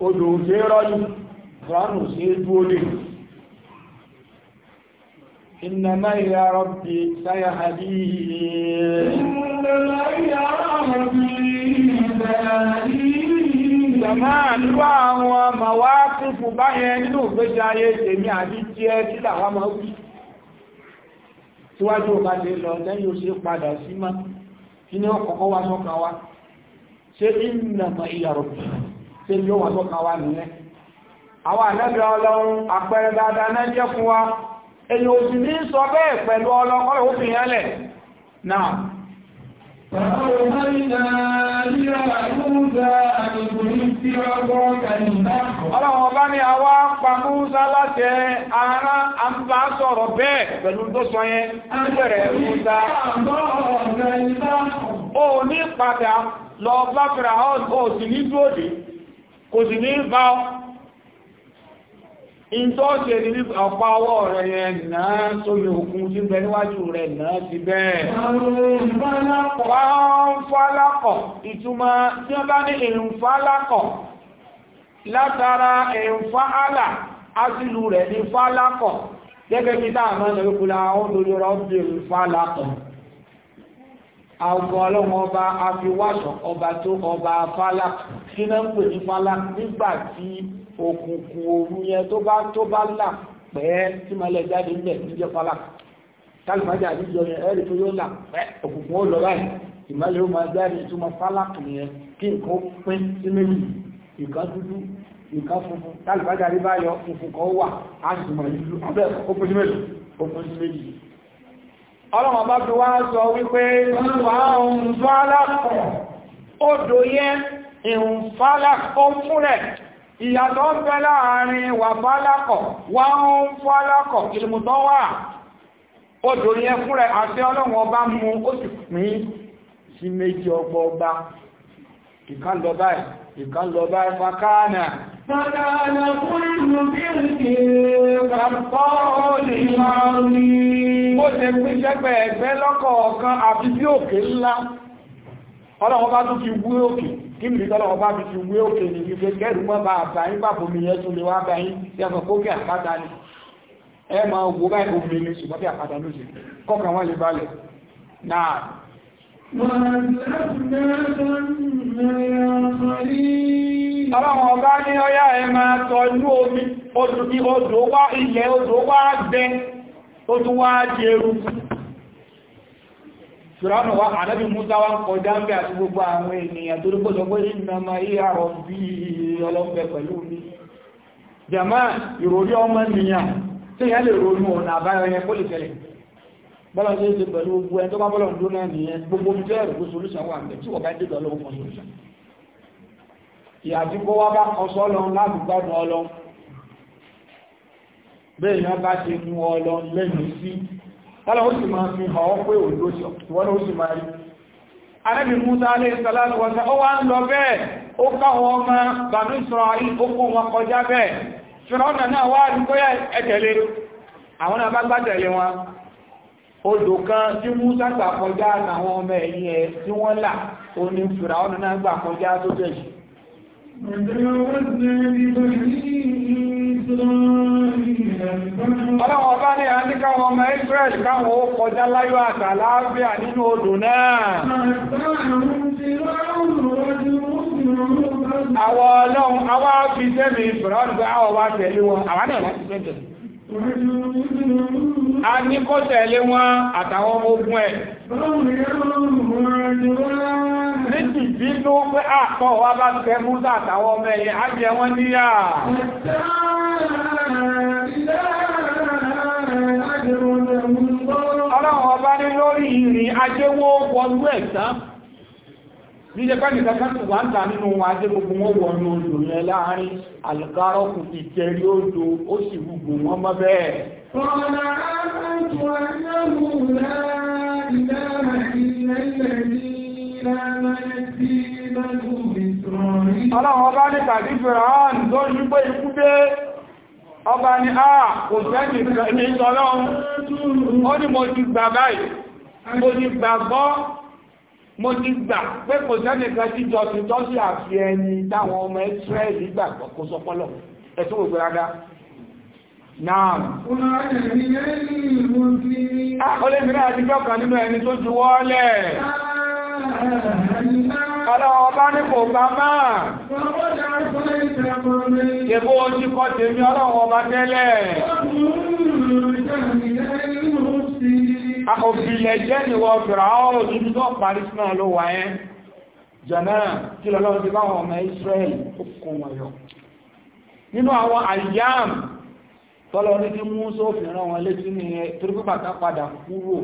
[SPEAKER 1] odò odò tí ó rọ́lù ránù sí ètò olè inna mai ya rabbi saya saya hadi jama nínú Ọrụ ọmọ ọrụ kúrùkù báyẹn nínú ìgbésí ayé tèmi àti tí ẹ tí làwọn ọmọ wí síwájú ọ̀gá ṣe ìnàmà ìyàrò ṣe ni ó wà tó kan nìyẹn àwọn ànẹ́bẹ̀ ọlọ́run àpẹẹrẹ dáadáa náà jẹ́ fún wa èyí ò sì ní sọ bẹ́ẹ̀ pẹ̀lú ọlọ́kọ́rọ̀ ó fi yánlẹ̀ náà Ọlọ́run ọba ni a wá pàmú sáláti ara àmbá sọ̀rọ̀ bẹ́ẹ̀ pẹ̀lú tó lọ bá fìrà hàn ó sì ní dúódì kò sì ní bá ọ́ in tó ṣe ní ọ̀pá ọwọ́ rẹ̀ yẹn náà sórí òkun tí bẹ níwájú rẹ̀ náà ti bẹ́ẹ̀ wọ́n fálákọ̀ ìtumọ̀ tí wọ́n bá ní ìrùnfálákọ̀ látara ìrùnfáàlà ásìlú rẹ̀ ní fálákọ̀ gẹ́gẹ́ bí táàmọ́ ìrùkúlá ó lórí rọ́bì ìrùnfálákọ̀ àwọn ọlọ́wọ́n ọba afiwáṣọ ọba tó ọba fálá tí náà ń pè ní fálá nígbà tí òkùnkùn òru yẹn tó bá tó bá là pẹ́ tí máa lẹ jáde ń bẹ̀ níjẹ́ fálá tálùmájà àdíjọ yẹn ẹ̀rì tó yóò là pẹ́ òkùnkùn ó lọ báyìí ìmọ̀lẹ́ ó máa jáde ìtumọ̀ fálá nìyẹn kí nǹkan pín sí méjì nǹkan dúdú nǹkan funfun tálùmájà àdíbáyọ funfun wà á sì mọ̀ ìlú ọlọ́wọ̀n bá fi wá sọ wípé ìwàhùnfàlàkùn odò yẹn ìwàhùnfàlàkùn fúnrẹ̀ ìyàtọ̀ ń bẹ láàrin wàfàlàkọ̀ wàhùnfàlàkọ̀ ìlúmùtọ́ wà odò yẹn fúnrẹ̀ àti ọlọ́wọ̀n bá mú ó sì pín sí méjì ọgbọọgba ìkánlọ báyìí ìkánlọ báyìí fakáànà فكان كل فرق كالطول العظيم ó ṣe pín sẹ́gbẹ̀ ẹgbẹ́ lọ́kọ̀ọ̀kan àfi sí òkè ńlá ọlọ́wọ́ bá tún fi wú òkè kí mìí tọ́lọ́wọ́ bá fi fi wú òkè ní ìgbé kẹrù mọ́ bá àbá yín bá bomi yẹn tún lè wá bá yín tí a sọ pé òkè àpáta ni ẹ máa wo báyìí omi ní ṣùgbọ́n bí àpáta ló ṣe kọ́kàn wọ́n lè balẹ̀ náà Ọlọ́run ya ní ọyá ẹ máa tọ́jú omi, odò ní odò wá ilẹ̀ odò wá gbẹ, ó wá di Ṣùránù wá, àdábì Musa wá ń kọjá ń bẹ àti gbogbo àwọn ènìyàn tó ìyàrọ̀ bí pẹ̀lú bọ́lá ṣe é ṣe pẹ̀lú gbogbo ẹni tó bá bọ́lá ọdún náà gbogbo omi jẹ́ ẹ̀rọ wà níbẹ̀ tí wọ́n bá dìgbà lọ́wọ́ fún solution ìyàtí kó wá bá ọsọ ọlọ́run láti gbádùn bẹ́ẹ̀ bá ṣe mú lẹ́nu sí sì máa fi hàn ọ́ pé odò kan tí Musa gbà kọjá àtàwọn ọmọ ẹ̀yìn ẹ̀ tí wọ́n là ó ní fìrà ọ̀nà náà gbà kọjá tó bẹ̀
[SPEAKER 2] ọba ní àti káwọn ọmọ Israel káwọn ó kọjá láyọ̀ àtàláàbíà nínú
[SPEAKER 1] odò náà ọlọ́run awá fi ìfìrà ọ̀nà a ní kó tẹ̀lé wọn àtàwọn ọmọ ogun ẹ̀ méjì bínú pé àpọ̀ wá bá tẹ múta àtàwọn ọmọ ẹ̀yẹ á jẹ wọ́n níyà ọlọ́run ọba ní lórí ìrìn ajéwó wọlú ẹ̀sán ní ṣe pẹ́ nìkan kan wà ń ta nínú wọn ajé gbogbo wọn wọ ní odò yẹn láàrin alìkárọ́kù ìtẹ̀rí odò ó sì gbogbo wọn mọ́ bẹ́ẹ̀ Ọ̀nà àájú àjọ́mù láàrín ilẹ̀ ní ìlànà tí lọ́dún ìtọ̀rí. Ọlọ́run ọba ní tàbí Fìràn tó ń gbé ikú dé ọba ni a kò sẹ́jì ní ìtọ̀lọ́run. Ó ní mo ti gbà báyìí, mo ti gbàgbọ́ mo ti gbà pé kò sẹ́nìkan jíjọ ti tọ́ àfi ẹni táwọn ọmọ Ísírẹ́lì gbàgbọ́ kó sọpọ́lọ̀ ẹ̀tún gbogbo rárá ah, náà olèmìnà àti jọ́kan nínú ẹni tó ju wọ́ọ́lẹ̀ ọlọ́wọ́ bá ní kò bá máa ẹbó ojú kọ́ tèmi ọlọ́wọ́ bá tẹ́lẹ̀ òfìlẹ̀ jẹ́ ìwọ̀ fìràáwọ̀ níbi tó parí sí náà ló wà ẹ́ jẹ̀nà kí lọ́lọ́run ti báwọn ọmọ Israel ó kó wọn yọ nínú àwọn àyàm tọ́lọ ní kí Músà ó fi rán wọn létí ní ẹ torí pípa ká padà kúrò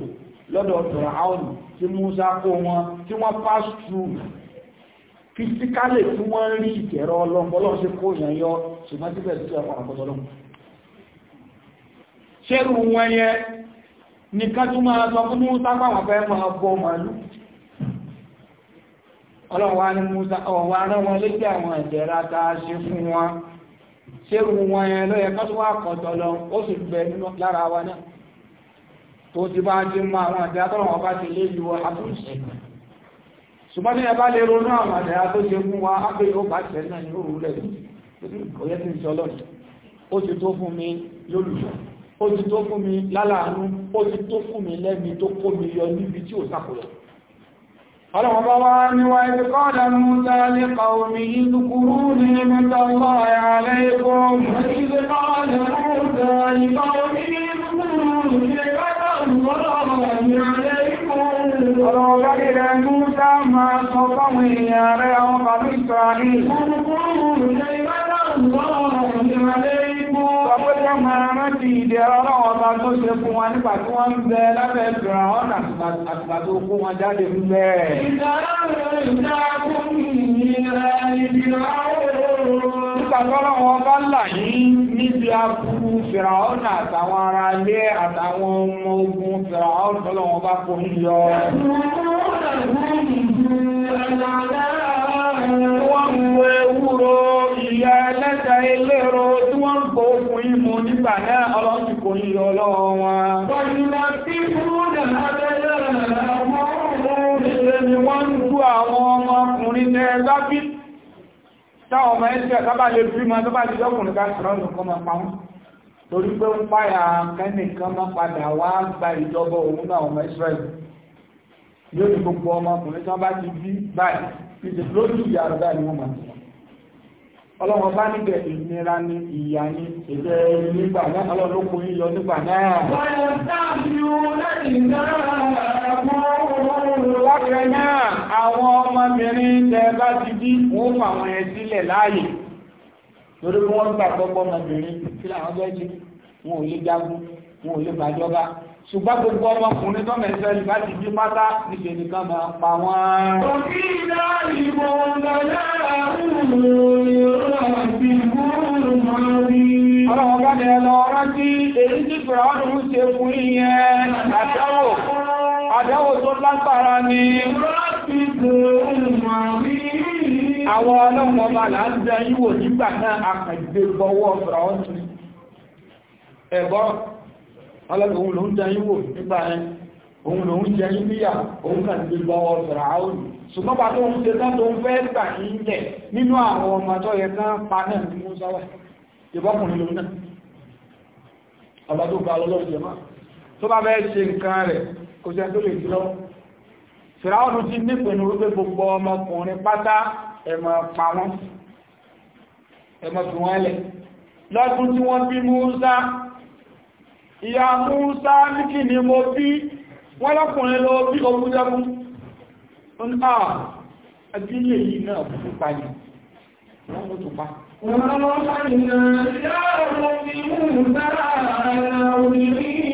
[SPEAKER 1] lọ́dọ̀ fìràáwọ̀ tí Músà kó wọn tí wọ́n pass through fisikálè tí wọ́n rí ìkẹ̀rọ ọlọ́pọ̀lọ́pọ̀ sí kó yàn yọ ṣùgbọ́n síbẹ̀ sí ọ̀pọ̀ àpọ̀tọ́lọ́pọ̀ nìkan tó máa sọ fún Musa pàwọn fẹ́ máa bọ màálù ọlọ́wà ní Musa ọ̀wà rán wọn létí àwọn ìjẹ̀ra ta ṣe fún wọn ṣé rú wọn yẹn ló yẹ kọ̀tọ̀ lọ ó sì bẹ nínú lára wa náà tó ti bá ti mọ àwọn àjẹ́ àtọ́lọ́wọ́ bá ti lé ìlú àtúnṣe ṣùgbọ́n ní ẹbá lè ronú àwọn àdáyà tó ṣe fún wa ápé ó bá ó ti tó fún mi lálàánú ó ti tó fún mi lẹ́mi tó kó mi yọ níbi tí ò sàkóyọ ọlọ́wọ́n bá wá níwá ibi kọ́dà mú tààlé kàómi ìdúkúrú ní mẹ́ta lọ́rẹ̀ alẹ́ ikọ́ Ọlọ́wọ́ bá gẹ̀rẹ̀ mú máa sọ fáwọn èèyàn rẹ̀ àwọn ìsọ̀rọ̀ ní pé wọ́n máa rántí ìdẹ ọlọ́wọ́ ọba tó ṣe fún wa nígbà tí wọ́n ń bẹ lábẹ́ ìgbìrà wọn àtìgbà tó kó wọn jáde fún bẹ́ẹ̀. ìdára rẹ̀ ìdá gbàgbọ́rọ̀ wọn bá là yìí níbi aburú fìràọ́nà àtàwọn ará ilé àtàwọn ọmọ ogun fìràọ́nà tọ́lọ̀ wọn bá kó ń yọ. wọ́n ń wo ìyá ẹlẹ́ta eléro tí wọ́n ń kó okùn nígbà náà ọlọ́run kò ń yọ lọ́wọ́ wọn. wọ́n ń àwọn ọmọkùnrin náà lábí táwọn ọmọ ẹgbẹ́ sábà lè bí ma tó bá lọ́kùnrin ká sọ̀rọ̀ nǹkan máa pa torí pé ń páyà kẹ́nìkan máa padà wá gba ìjọba òun náà ọmọ Israel yóò ní gbogbo ọmọkùnrin tí bá ti bí báyìí ìdè lójú ìyá rẹ̀ báyìí wọ́n máa ti ọlọ́wọ́n bá níbẹ̀ ìnira ní ìyá ní ìbẹ̀ nígbà náà ọlọ́lọ́kùn yíyọ nígbà náà. wọ́n bákan náà àwọn ọmọbìnrin tẹ́ bá ti bí wọ́n fà wọn ẹ sílẹ̀ láàyè torí bí wọ́n gbà gbọ́gbọ́ ọmọbìnrin kí làwọn bẹ́ẹ̀ ṣe wọn ò lè jagun wọn ò lè gbàjọba ṣùgbọ́n gbogbo ọmọkùnrin tó mẹ́sẹ̀ ìbá ti bí pátá níṣẹ́ nìkan máa pa wọ́n. òkè ìlà ìbò ọ̀gá ọlọ́wọ́ bá lẹ́ lọ àdáwò tó lágbára ni àwọn ọlọ́pọ̀ bá láàájá yíwò nígbà náà àkàgbé bọ́wọ́ fìràwọ́n ti ẹ̀bọ́ ọlọ́pọ̀ ló ń jẹ yíwò nígbà ẹ̀ òun ló ń jẹ yíbíyà òun kà ní bọ́wọ́ fìràwọ́n ṣùgbọ́n bá tó ń ṣe tán tó ń fẹ́ gbà ní nínú àwọn ọmọ tó yẹ kò sẹ́ tó lè sí lọ fìràwọ̀nù ti nípinnu wípé gbogbo ọmọkùnrin pátá ẹ̀mọ̀ pa wọn ẹ̀mọ̀ fi wọ́n lẹ̀ lọ́dún tí wọ́n bí Músá ìyá Músá níkì ni mo bí wọ́n lọ́kùnrin lọ bí ogúnjẹ́kú wọ́n náà yáà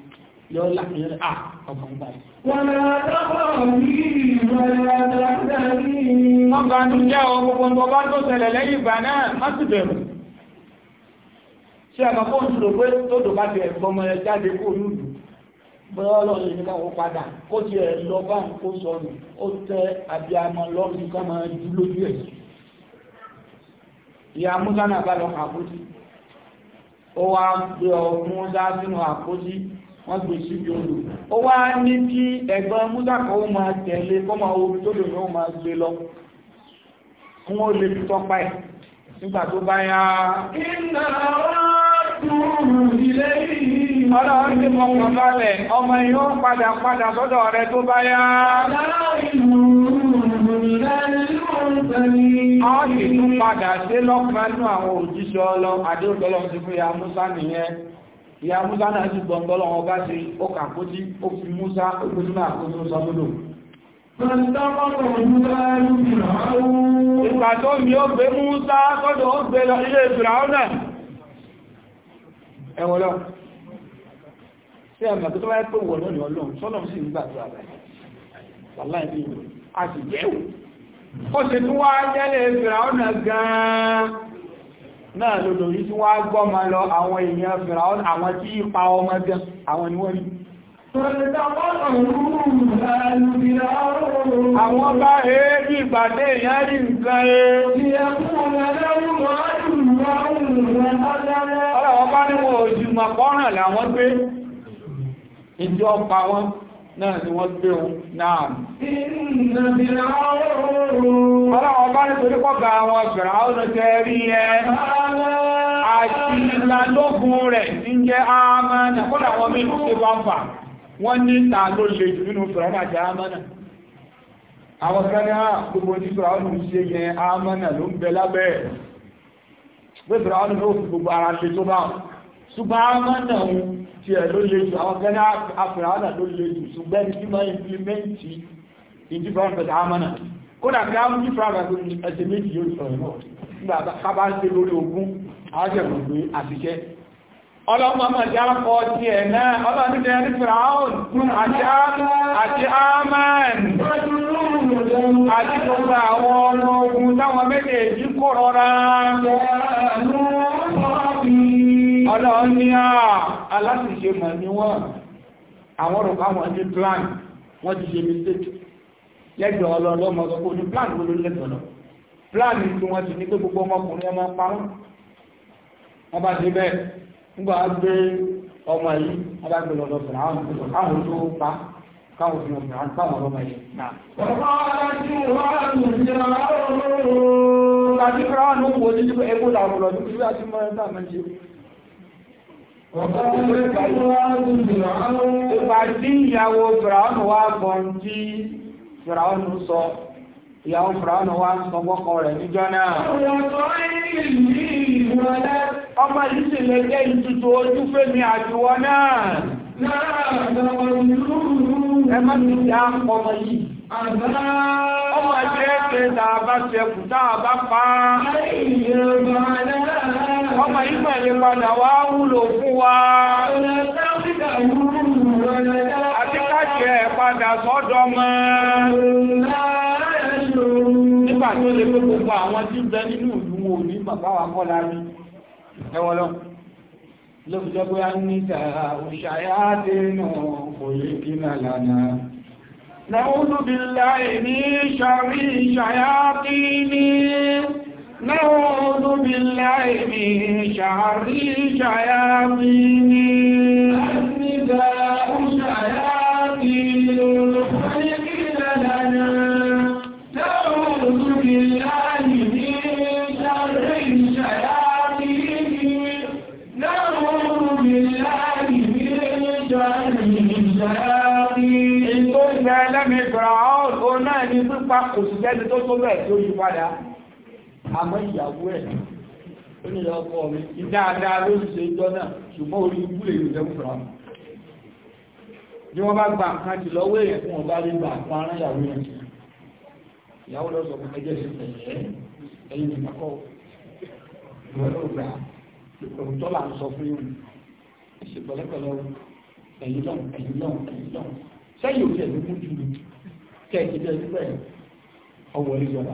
[SPEAKER 1] yọ láàrin à ah, ọmọ ìgbà yìí. Wọ́n máa dábọ̀ ní ìwọ̀nà àdáyé. Wọ́n bá ń jẹ́ ọ gbogbo ń bọ́ bá tó ṣẹlẹ̀ lẹ́yìn ìgbà náà, má sì bẹ̀rù. Ṣé àbá fóun sọ pé tó dò bá ti ẹ̀kọ́ ọmọ ẹ jáde kó lùlù? Bọ́lá ọlọ́run ní káwọn padà kó ti ẹ̀ lọ bá ń kó sọnù, ó tẹ abiyamọ lọ́rùn ká máa dú lójú ẹ̀. Ìyá Musa bá lọ kàkútì. Ó wá gbé ọ Musa sínú àkútì wọ́n gbé síbi odò ó wá ní kí ẹ̀gbọ́n múdàkọ́ ó máa tẹ̀lé kó máa tó lò ní máa gbé lọ fún ó lè fi tọ́pa ẹ̀ nígbà tó bá yá iná rọ́dùn padà sí lọ́pàá nínú àwọn òjíṣẹ́ ọlọ́ àdéhùtọ́lọ́ ti fún ya Músá nìyẹn ìyá musa náà ti gbọ́n tọ́lọ́ wọn bá ṣe ó kà kó tí ó fi musa ojú náà kó tí ó sọmúlò
[SPEAKER 2] ìgbà tó mi ó gbé musa kọ́dọ̀ ó gbé lọ ilé ìfìràúnà
[SPEAKER 1] ẹwọ lọ sí ẹ̀mọ̀ tó bá pé wọ̀ lónìí ọlọ́run sọ́lọ́run a sì jẹ́ ó ṣe tún wá jẹ́lẹ̀ ìfìràúnà gan-an náà lòdò yìí tí wọ́n á gbọ́mọ lọ àwọn èèyàn fìràún àwọn tí ipa ọmọ gan àwọn ni wọ́n rí àwọn bá èébì ìpàdé èèyàn rí nǹkan ẹ̀ẹ́ ọlọ́wọ́ bá ní wọ́n òjì mọ̀kọ́ràn làwọn gbé ìjọ pa wọn náà ni wọ́n gbé ohun náà ọlọ́wọ́ bá ní torí pọ́gbà àwọn ọ̀gbẹ̀rẹ̀ àwọn ọ̀tẹ́ rí ẹ àti ìlàlógún rẹ̀ ní jẹ́ àmànà kọ́dà wọn mínú ṣe bá ń fà wọ́n ní ta ló lè jù nínú fẹ̀rẹ̀ àti àmànà àwọn fẹ́rẹ́ hàn ah, gbogbo ní tí ẹ̀ ló lè jù àwọn gẹ́nà afẹ́rànà ló lè jù ṣùgbẹ́ ní tí máa implementi in different person amana kódà kí a mú different person ẹsẹ̀ méjì yóò sọ ìmọ̀ nígbà kábá ń ṣe lórí ogún ajẹ̀mọ̀ pé àṣìṣẹ́ ọlọ́mọ ọmọ ìjà kọ ti ẹ̀ náà ọlọ́ni jẹ́ ní fìràún àti amen àti gbogbo àwọn ọmọ ogun táwọn méjèèjì kó rọra ọlọ́run ní àà aláṣìṣe mọ̀ ní wọ́n àwọn ọ̀rọ̀ káwọn ní plan wọ́n ti ṣe mistake lẹ́gbẹ̀ẹ́ ọlọ́ọ̀lọ́mọ sọ ní plan plan tí wọ́n ti ní pé gbogbo ọmọkùnrin ọmọ parun wọ́n bá ti bẹ́ẹ̀ nígbà wá gbé ọmọ yìí wọ́n Ìgbà tí ìyàwó Fìràánù wá gbọ́n tí Fìràánù sọ, ìyàwó Fìràánù wá sọ gbọ́kọ rẹ̀ níjọ́ náà. Ọmọ yìí sì lè jẹ́ ìtùtù ojú fèmí àtiwọ́ náà. Ẹ má ti dá ọmọ yìí. Ọmọ jẹ́ kẹta bá ṣẹkù táà bá pa á ọmọ ìgbà ni padà wá wúlò fún wa àti káṣẹ padà sọ́dọ̀ mọ́ nígbà tó lè pé gbogbo àwọn tí ń bẹ nínú ìlú wọn ní bàbá wa kọ́ lárí ẹwọ́n lọ lóòjọ́ ní ìjà òṣàyá dínú kò lè gínà lánàá نعوذ بالله نعوذ بالله من شر شياطين النداء شياطين الخلق لنا نعوذ بالله من شر شياطين نعوذ بالله من شر شياطين ìgbóhùn ẹlẹ́mìí fìràwọ́ òun náà ní pípa kò sí jẹ́ni tó tó bẹ̀ tó yí padà àmọ́ ìyàwó ẹ̀ ó ní ọkọ mi ìdáadáa ló ń ṣe ìjọ náà ṣùgbọ́n orí ikú yóò jẹ́kù fúnra bí wọ́n bá gba nǹkan ti lọ́wọ́ èèyàn fún ọba rí gbà fún ara ìyàwó yẹn ìyàwó lọ sọ fún ẹjẹ́ sí ẹ̀yìn ìmọ̀kọ́ ìwọ̀lọ́gbà òótọ́ là ń sọ fún yóò ẹ̀yìn náà ẹ̀yìn náà ẹ̀yìn náà sẹ́yìn òkè ẹ̀mí mú jù kẹ́ẹ̀kì bẹ́ẹ̀ ọwọ́ ìjọba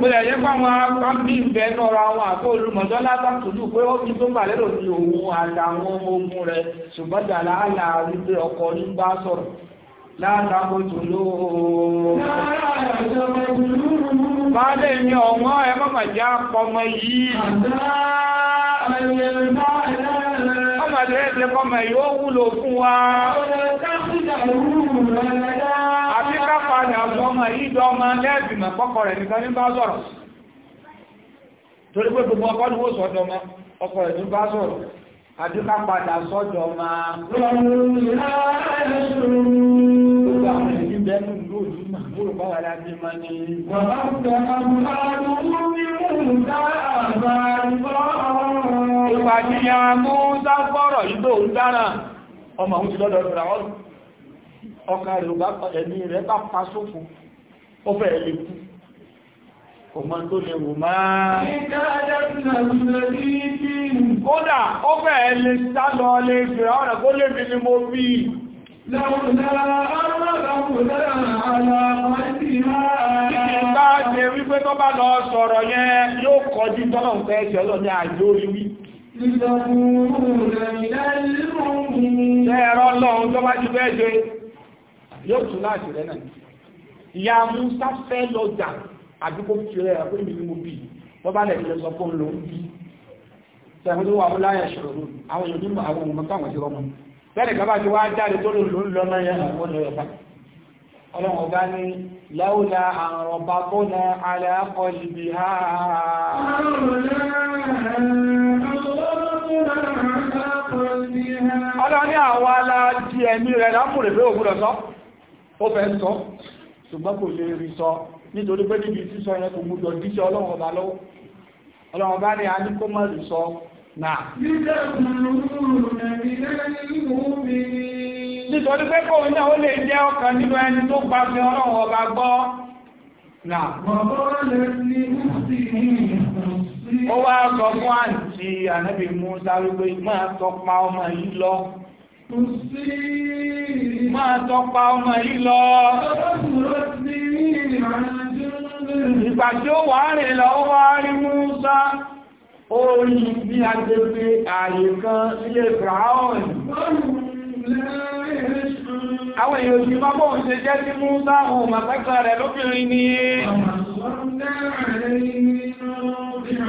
[SPEAKER 2] Bóyá yẹ fáwọn akọ́bí
[SPEAKER 1] ìbẹ́ lọ́rọ̀ àwọn àgbó olùmọ̀jọ́ látàtúndù pé ó fi tó gbà lérò ní òun àtàwọn ọmọ ogun rẹ̀ ṣùgbọ́n dàlá wípé ọkọ̀ ní bá sọ̀rọ̀ àmàlẹ́ ẹ̀sẹ̀ kọmọ̀ yóò wúlò fún wa àti kápadà ọmọ ìdọ́ ọmọ lẹ́ẹ̀bìmọ̀ pọ́kọ̀ rẹ̀ nìkan ní bá sọ̀rọ̀ torí pé gbogbo ọkọ̀ ní ó sọ́dọ̀ ọmọ ọkọ̀ rẹ̀ ní bá sọ̀rọ̀ àti kápadà sọ́dọ̀ ọmọ Wàhálà Ìgbà tí a mú sáfọ́rọ̀ ìgbò ń dára, ọmọ òun ti lọ́dọ̀ ìrà ọ̀rọ̀. Ọkà rẹ̀ ò bá ẹ̀mí rẹ̀ bá pa sófò, ó fẹ́ lè kú. Kò mọ́ tó lè wò máa. Kódà, ó fẹ́ lè sálọ lè fìrà ọ̀rọ̀ kó lè fi ni mo bí. Ìgbà tí wípé tó bá lọ sọ̀rọ̀ yẹn yóò kọjú tọ́lọ̀ ń fẹ́ ṣẹlọ ní àjò orí wí. Ẹ̀rọ lọ́run tó bá ti fẹ́ ṣe yóò tún láti rẹ̀ náà. Ìyá Musa fẹ́ lọ́jà àdúgbò fi rẹ̀ àpò ìmì ní mo bí. Wọ́n bá lẹ̀ ìjọ sọ fún lò ń bí. Sẹ̀fún tó wà ó láyà ṣòro àwọn èèyàn nínú àwọn ọmọ táwọn ti rọmọ. Bẹ́ẹ̀ ká bá ti ẹ̀mí rẹ̀ lápùrẹ̀ pé ògúrọ̀ sọ ó fẹ́ sọ ṣùgbọ́n kò lè rí sọ nítorí pé níbi sísọ yẹn kò mú dọ̀díṣẹ́ ọlọ́run ọba lọ́wọ́ ọlọ́run ọba ní a ní kó má rí sọ náà nítorí pé kò náà ó lè jẹ́ ọkàn nínú ẹni tó gbà fi ọlọ́run ọba gbọ́ náà ó wá sọ fún àǹtí ànábì Mùsá wípé máa tọpa ọmọ yìí lọ Máa tọpa ọmọ yìí lọ. Ìgbà tí ó wà rìn lọ, ó wá rí Múúsá, ó rí bí agbègbè ààyè kan ilé Fìràáhùn àwọn èèyàn òjì máa bọ́ ṣe jẹ́ sí mú sáàmù màtàkà rẹ̀ lóbìnrin ní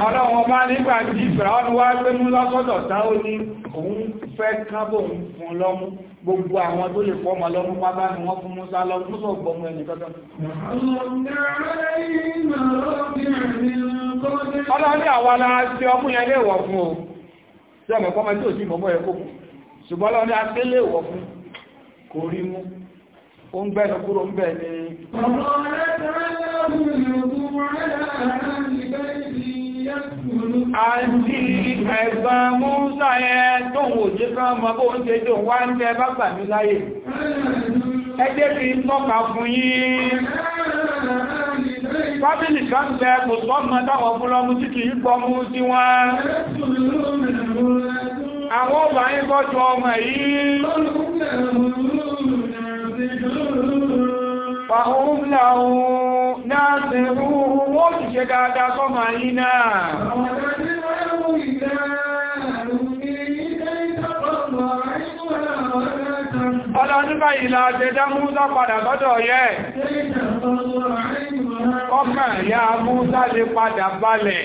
[SPEAKER 1] ọlọ́wọ́n bá nígbà tí ìfìràwọ́n wá gbé mú lọ́sọ́dọ̀ tá ó ní òun fẹ́ kábò fún lọ́mú gbogbo àwọn tó lè fọ́mọ lọ́mú pátá ni wọ́n fún Músá lọ Músá gbọmọ ẹni kọ́tọ́ ọlọ́ni àwọn aláàṣẹ ọkùnrin ẹlẹ́wọ̀ fún o tí ọmọ ìpọ́mọ tí ò sí mọ́mọ́ ẹ̀kọ́ ṣùgbọ́n lọ́ni aṣẹ́lẹ̀wọ̀ fún kò rí mú ó ń gbẹ́nu kúrò ń bẹ̀ ni àti ẹ̀gbọ́n múúsà ẹ tóhùn òjé kan mọ́ bó ń tẹ́jọ wá ń tẹ́ bá gbà mí láyé ẹgbẹ́ fi tọ́ka fún yín fábílì kan bẹ kò sọ́mọ́ táwọn fúnlọ́mú tí kìí gbọmú sí wọn àwọn ọba ń bọ́jú ọmọ yìí fàhún láhún náà sí rúrú wọ́n ti ṣe dáadáa sọ́mọ yìí náà Ọlá nígbà ìlà àjẹjá Múúsá padà lọ́dọ̀ yẹ́. Ọkàn ìyá Múúsá lè padà balẹ̀.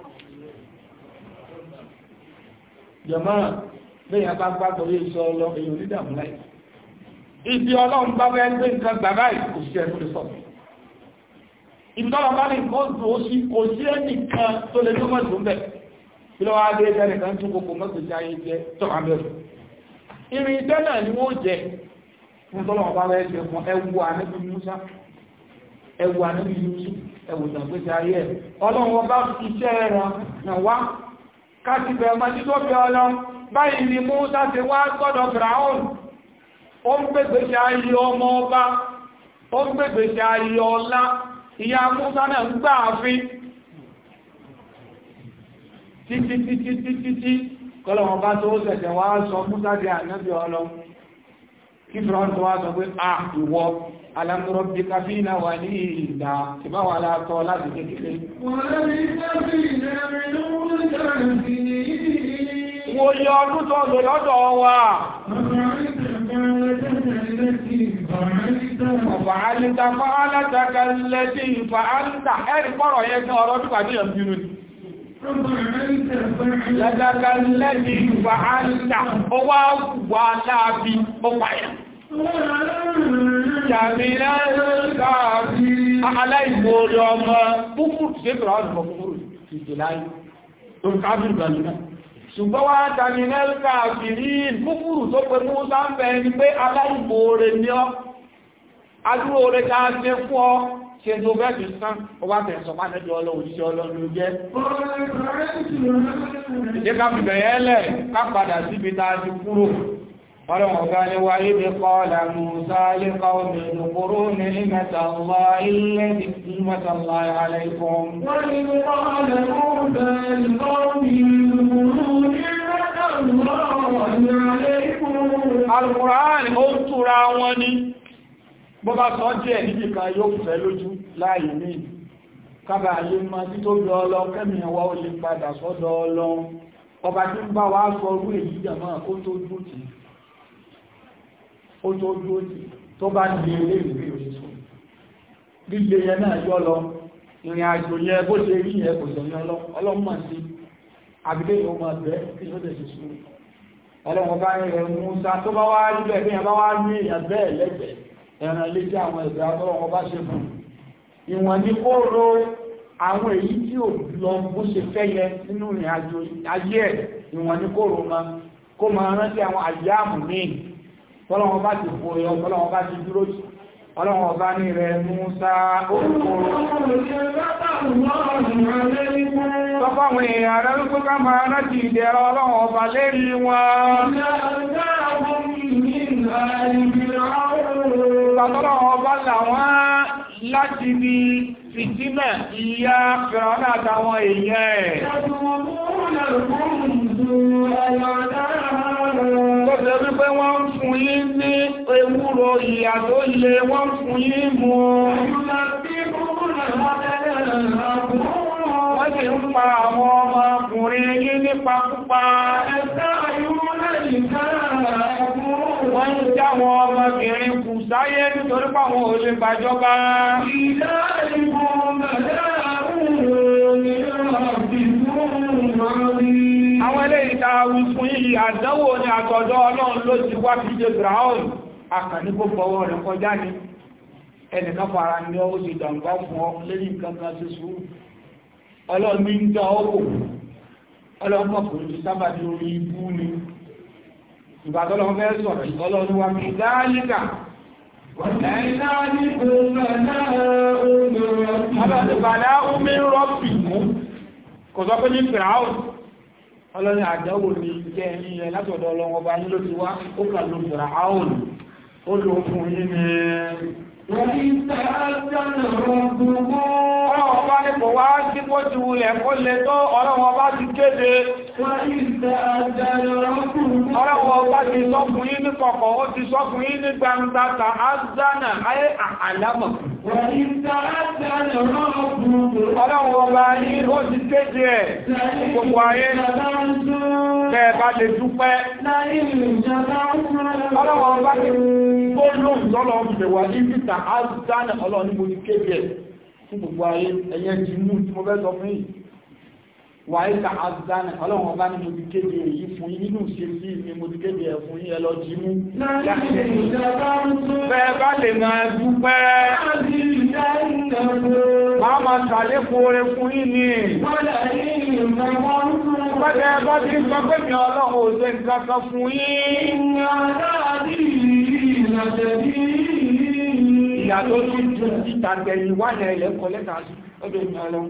[SPEAKER 1] jẹ̀mọ́ lẹ́yìn bá gbàgbọ́ sọ ọlọ èyàn onídàmú láì ibi ọlọ́run bá bẹ́ẹ̀ gbé nǹkan gbà báyìí kò sí ẹnu lè sọ ibi tọ́lọ̀ bá ní nǹkan dùn ó sí kò sí ẹnìkan tó lè tó mọ̀tò ń bẹ̀ kí lọ́wọ́ adé sí ayé jẹ irin náà ni káti bẹ̀rẹ̀ mọ́jú tó bí ọlọ báyìí ni mú sáti wá gbọ́dọ̀ fìràún ó ń pèsè ayé ọmọ ọba ó ń pèsè ayé ọlá ìyá múta náà ń gbà fi títítítítítí kọlọ̀wọ̀n bá tó sẹ̀sẹ̀ wá sọ múta di ànábì ọlọ́run kí fìrọ́n tó wá sọ pé à ìwọ alámúrọ̀ bí káfíìnà wà ní ìdá tí bá wà látọ́ láti kékeré wo yọ ọdún tó lò lọ́dọ̀ wa ọ̀fà alìta fa'alátaka lẹ́tí ìfa'alìta ẹ̀rì pọ̀rọ̀ yẹ gan ọ̀rọ̀ tó pàdé ọ̀bìnrin Lágbàgbà lẹ́ni ìwà àìsà, ó wá wà láàbí ó pàyà. Jàmìnà láàbí aláìgbòrò ọmọ púpùrù tí ó rọ̀ púpùrù ìjì láyé. Olùkábìrì gbàmìnà. Ṣùgbọ́n wá jàmìnà káàkiri ṣe tó bẹ́ẹ̀ fi sán ó wá tẹ̀ sọ pàdé jọ ọlọ́run jẹ́. ìdí ká fi bẹ̀rẹ̀ lẹ̀ ká padà síbi tá a ti kúrò ọlọ́run ọ̀gá ni ní ni bó bá sọ jẹ́ níbi kan yóò fẹ́ lójú láàyè ní kábà ayé ma tí tó lọ ọlọ kẹ́mì ọwọ́ ó lè padà sọ́dọ̀ ọlọ ọba tí ń bá wá sọ orú èyí jàmọ́ ó tó dúró tì ó tó dúró tì tó bá ń lè lè rí òṣìṣọ́ líle yẹn náà yọ lọ ìrìn àjò yẹ bó ṣe rí yẹ kò sọ yẹn lọ ọlọ́mọ sí àbílẹ̀ yóò máa bẹ́ kí ó lè ṣe sùúrù ọlọ́mọ bá ń rẹ̀ mú sa tó bá wá rí bẹ́ẹ̀ bí yẹn bá wá ní ìyàn bẹ́ẹ̀ lẹ́gbẹ̀ẹ́ ẹran ilé tí àwọn ẹ̀bẹ̀ abọ́wọ́ bá ṣe fún ìwọ̀n ní kó ro àwọn èyí tí ò lọ bó ṣe fẹ́ yẹ nínú ìrìn àjò ayé ẹ̀ ìwọ̀n ní kó ro ma kó ma rántí àwọn àyáàmù míì tọ́lọ́wọ́n bá ti fò yọ tọ́lọ́wọ́n bá ti dúró sí ọlọ́wọ́n bá ní rẹ̀ Músà orúkúrú tọ́pọ̀wọ̀n èèyàn rẹ̀ wípé ìgbàtọ́lọ́wọ́ bá làwọn láti bí fìtínà ìyá fẹ̀rọ̀nà àtàwọn èèyàn ẹ̀. Lọ́sẹ̀ wípé wọ́n ń fún yí ní ewúro ìyà tó le wọ́n fún yí mú. Wọ́n sì ń pa àwọn ọmọkùnrin yí nípa púpa. Ẹ̀sẹ́ àyúrẹ́ ìkára ẹ̀kún àwọn ń dáwọn ọmọbìnrin kù sáyé nítorí pàwọn ò lè gbàjọba àwọn ilé ìtààrù fún yìí àdánwò ní àtọ̀dọ̀ ọlọ́run ló ti wá fi jẹ brown àkàní kó fọwọ́ rẹ̀ kọjá ní ẹnìkan fara ní ó ti dàmbá fún ọ lórí nǹkan kan sí sùúrù ọlọ́run ní ń dá ọkọ̀ ọlọ́run mọ̀ kò sábà ní orí ibú ni ìbàtọ́lọ́wọ́ fẹ́ sọ̀rọ̀ ìtọ́lọ́wọ́ wa fi ní fìràún ọlọ́rin ní jẹ́ ẹ̀yìn ẹ̀ ó kà ló fìràún ó lò fún yí ni wọ́n ní ìtàlájánà ọgbùgbọ́ ọ̀pá nípò wá sí pọ́ ti wulẹ̀ kó lè tó ti kéde Ọlọ́wọ́ ọba ti sọ́kùn yí ní kọ̀kọ̀, ó ti sọ́kùn yí ní gbangba ta Azana ayé àlámọ̀. Ọlọ́wọ́ ọba yí ó ti kéde ẹ̀ gbogbo ayé kẹ́ẹ̀bá lè dúpẹ́. Ọlọ́wọ́ ọba ti gbóòlùn lọ́lọ́ ìbẹ̀wà ní pítà Azana ọlọ́ wàá ta azana ọlọ́run ọba ní mo ti kéde èyí fún yín nínú ìṣesí mi mo ti kéde ẹ̀ fún yín ẹ lọ jí mú. bẹ́ẹ̀ bá lè máa dúpẹ́. máa ma ṣàlékún oore fún yín ni. pẹ́ẹ́ bá ti sọ pé mi ọlọ́run ò ṣe nǹkan kan fún yín. ìyá tó ti dùn ti tàgbẹ̀yìn wà ní ẹ̀lẹ́kọ̀ọ́ lẹ́ka ọdún ìyá ọlọ́run.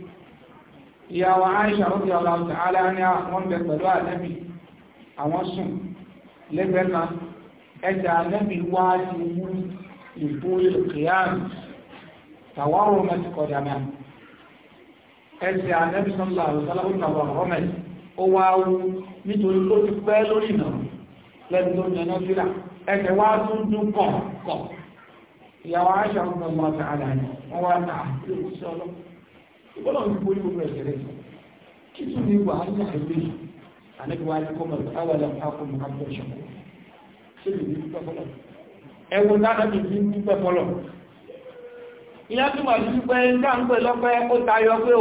[SPEAKER 1] ìyàwó Aisha rọ́bì ọ̀làwùtà aláàrin àwọn bẹ pẹ̀lú ànẹ́bì àwọn sùn lẹ́gbẹ̀ẹ́ kan ẹja ànẹ́bì wá ti mú ìbú ìkìyàmù tàwárò mẹ́tì kọjá mẹ́rin ẹsẹ̀ ànẹ́bì sọ́lá àrùsálàbùnà ọ̀rọ̀mẹ́ ó wá wú nítorí tó ti pẹ́ lórí ìnà lẹ́nu tó jẹ́ fílà ẹsẹ̀ wá tún dún kọ̀ọ̀kọ̀ ìyàwó Aisha rọ́bì ọ̀làwùtà aláàrin wọ́n wá náà ìwọ́n náà ń gbogbo ní gbogbo ẹ̀sẹ̀ rẹ̀ kí tún ní wàhálà ilé àlẹ́gbẹ̀wá ní kọ́mọ̀ táwàlẹ̀ àkọ́mù àgbẹ̀ṣọ́ ṣé lè ní ẹ̀wọ̀n ní ìyá wà ní lọ́pẹ́ ó tayọ pé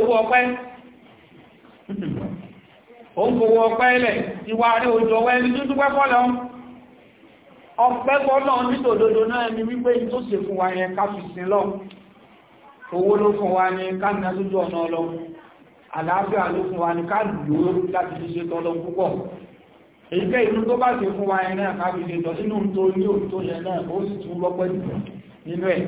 [SPEAKER 1] owó ọpẹ́ owó ló fún wa ní káàmì lójú ọ̀nà ọlọ́run àlàáfíà ló fún wa ní káàlù láti fi ṣe tọ́lọ púpọ̀ èyíkẹ́ inú tó bá ṣe fún wa ṣe tọ́ inú tó ní òtó yẹ náà ó sì tún lọ́pẹ́ jù nínú ẹ̀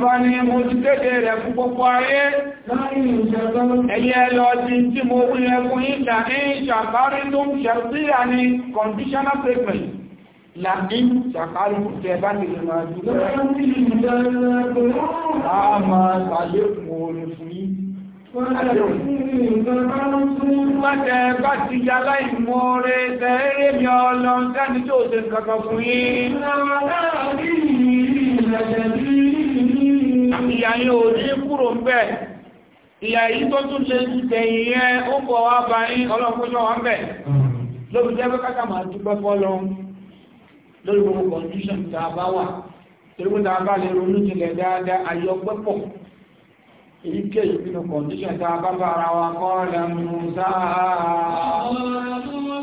[SPEAKER 1] ọba ni mo ti kéde rẹ̀ fún gbogbo ayé ẹ̀yẹ lọ di tí mo wí ẹkùn ìdà ní ṣàkárí tó ń ṣẹ̀síyà ní conditional statement láti ṣàkárí tẹ̀bá lè máa jùlọ Mọ́tẹ̀ bá ti ya láì mọ́ rẹ̀ tẹ́rẹ́ mi ọlọ́n tẹ́ni tó ṣe kankan fún yí. Láwọn láàrín ìrìnlẹ̀ ìyà yìí ò ní kúrò ń bẹ̀ ìyà yìí tó tún ṣe tẹ̀yìn yẹn ó bọ̀ wá bá yín ọlọ́pọ̀ṣọ́ wọn bẹ̀ hmm. lóbi jẹ́ pé káka máa dúpẹ́ fọ́lọ́ lórí gbogbo condition tá bá wà torí bá lè ronú wa kọ́ sáà.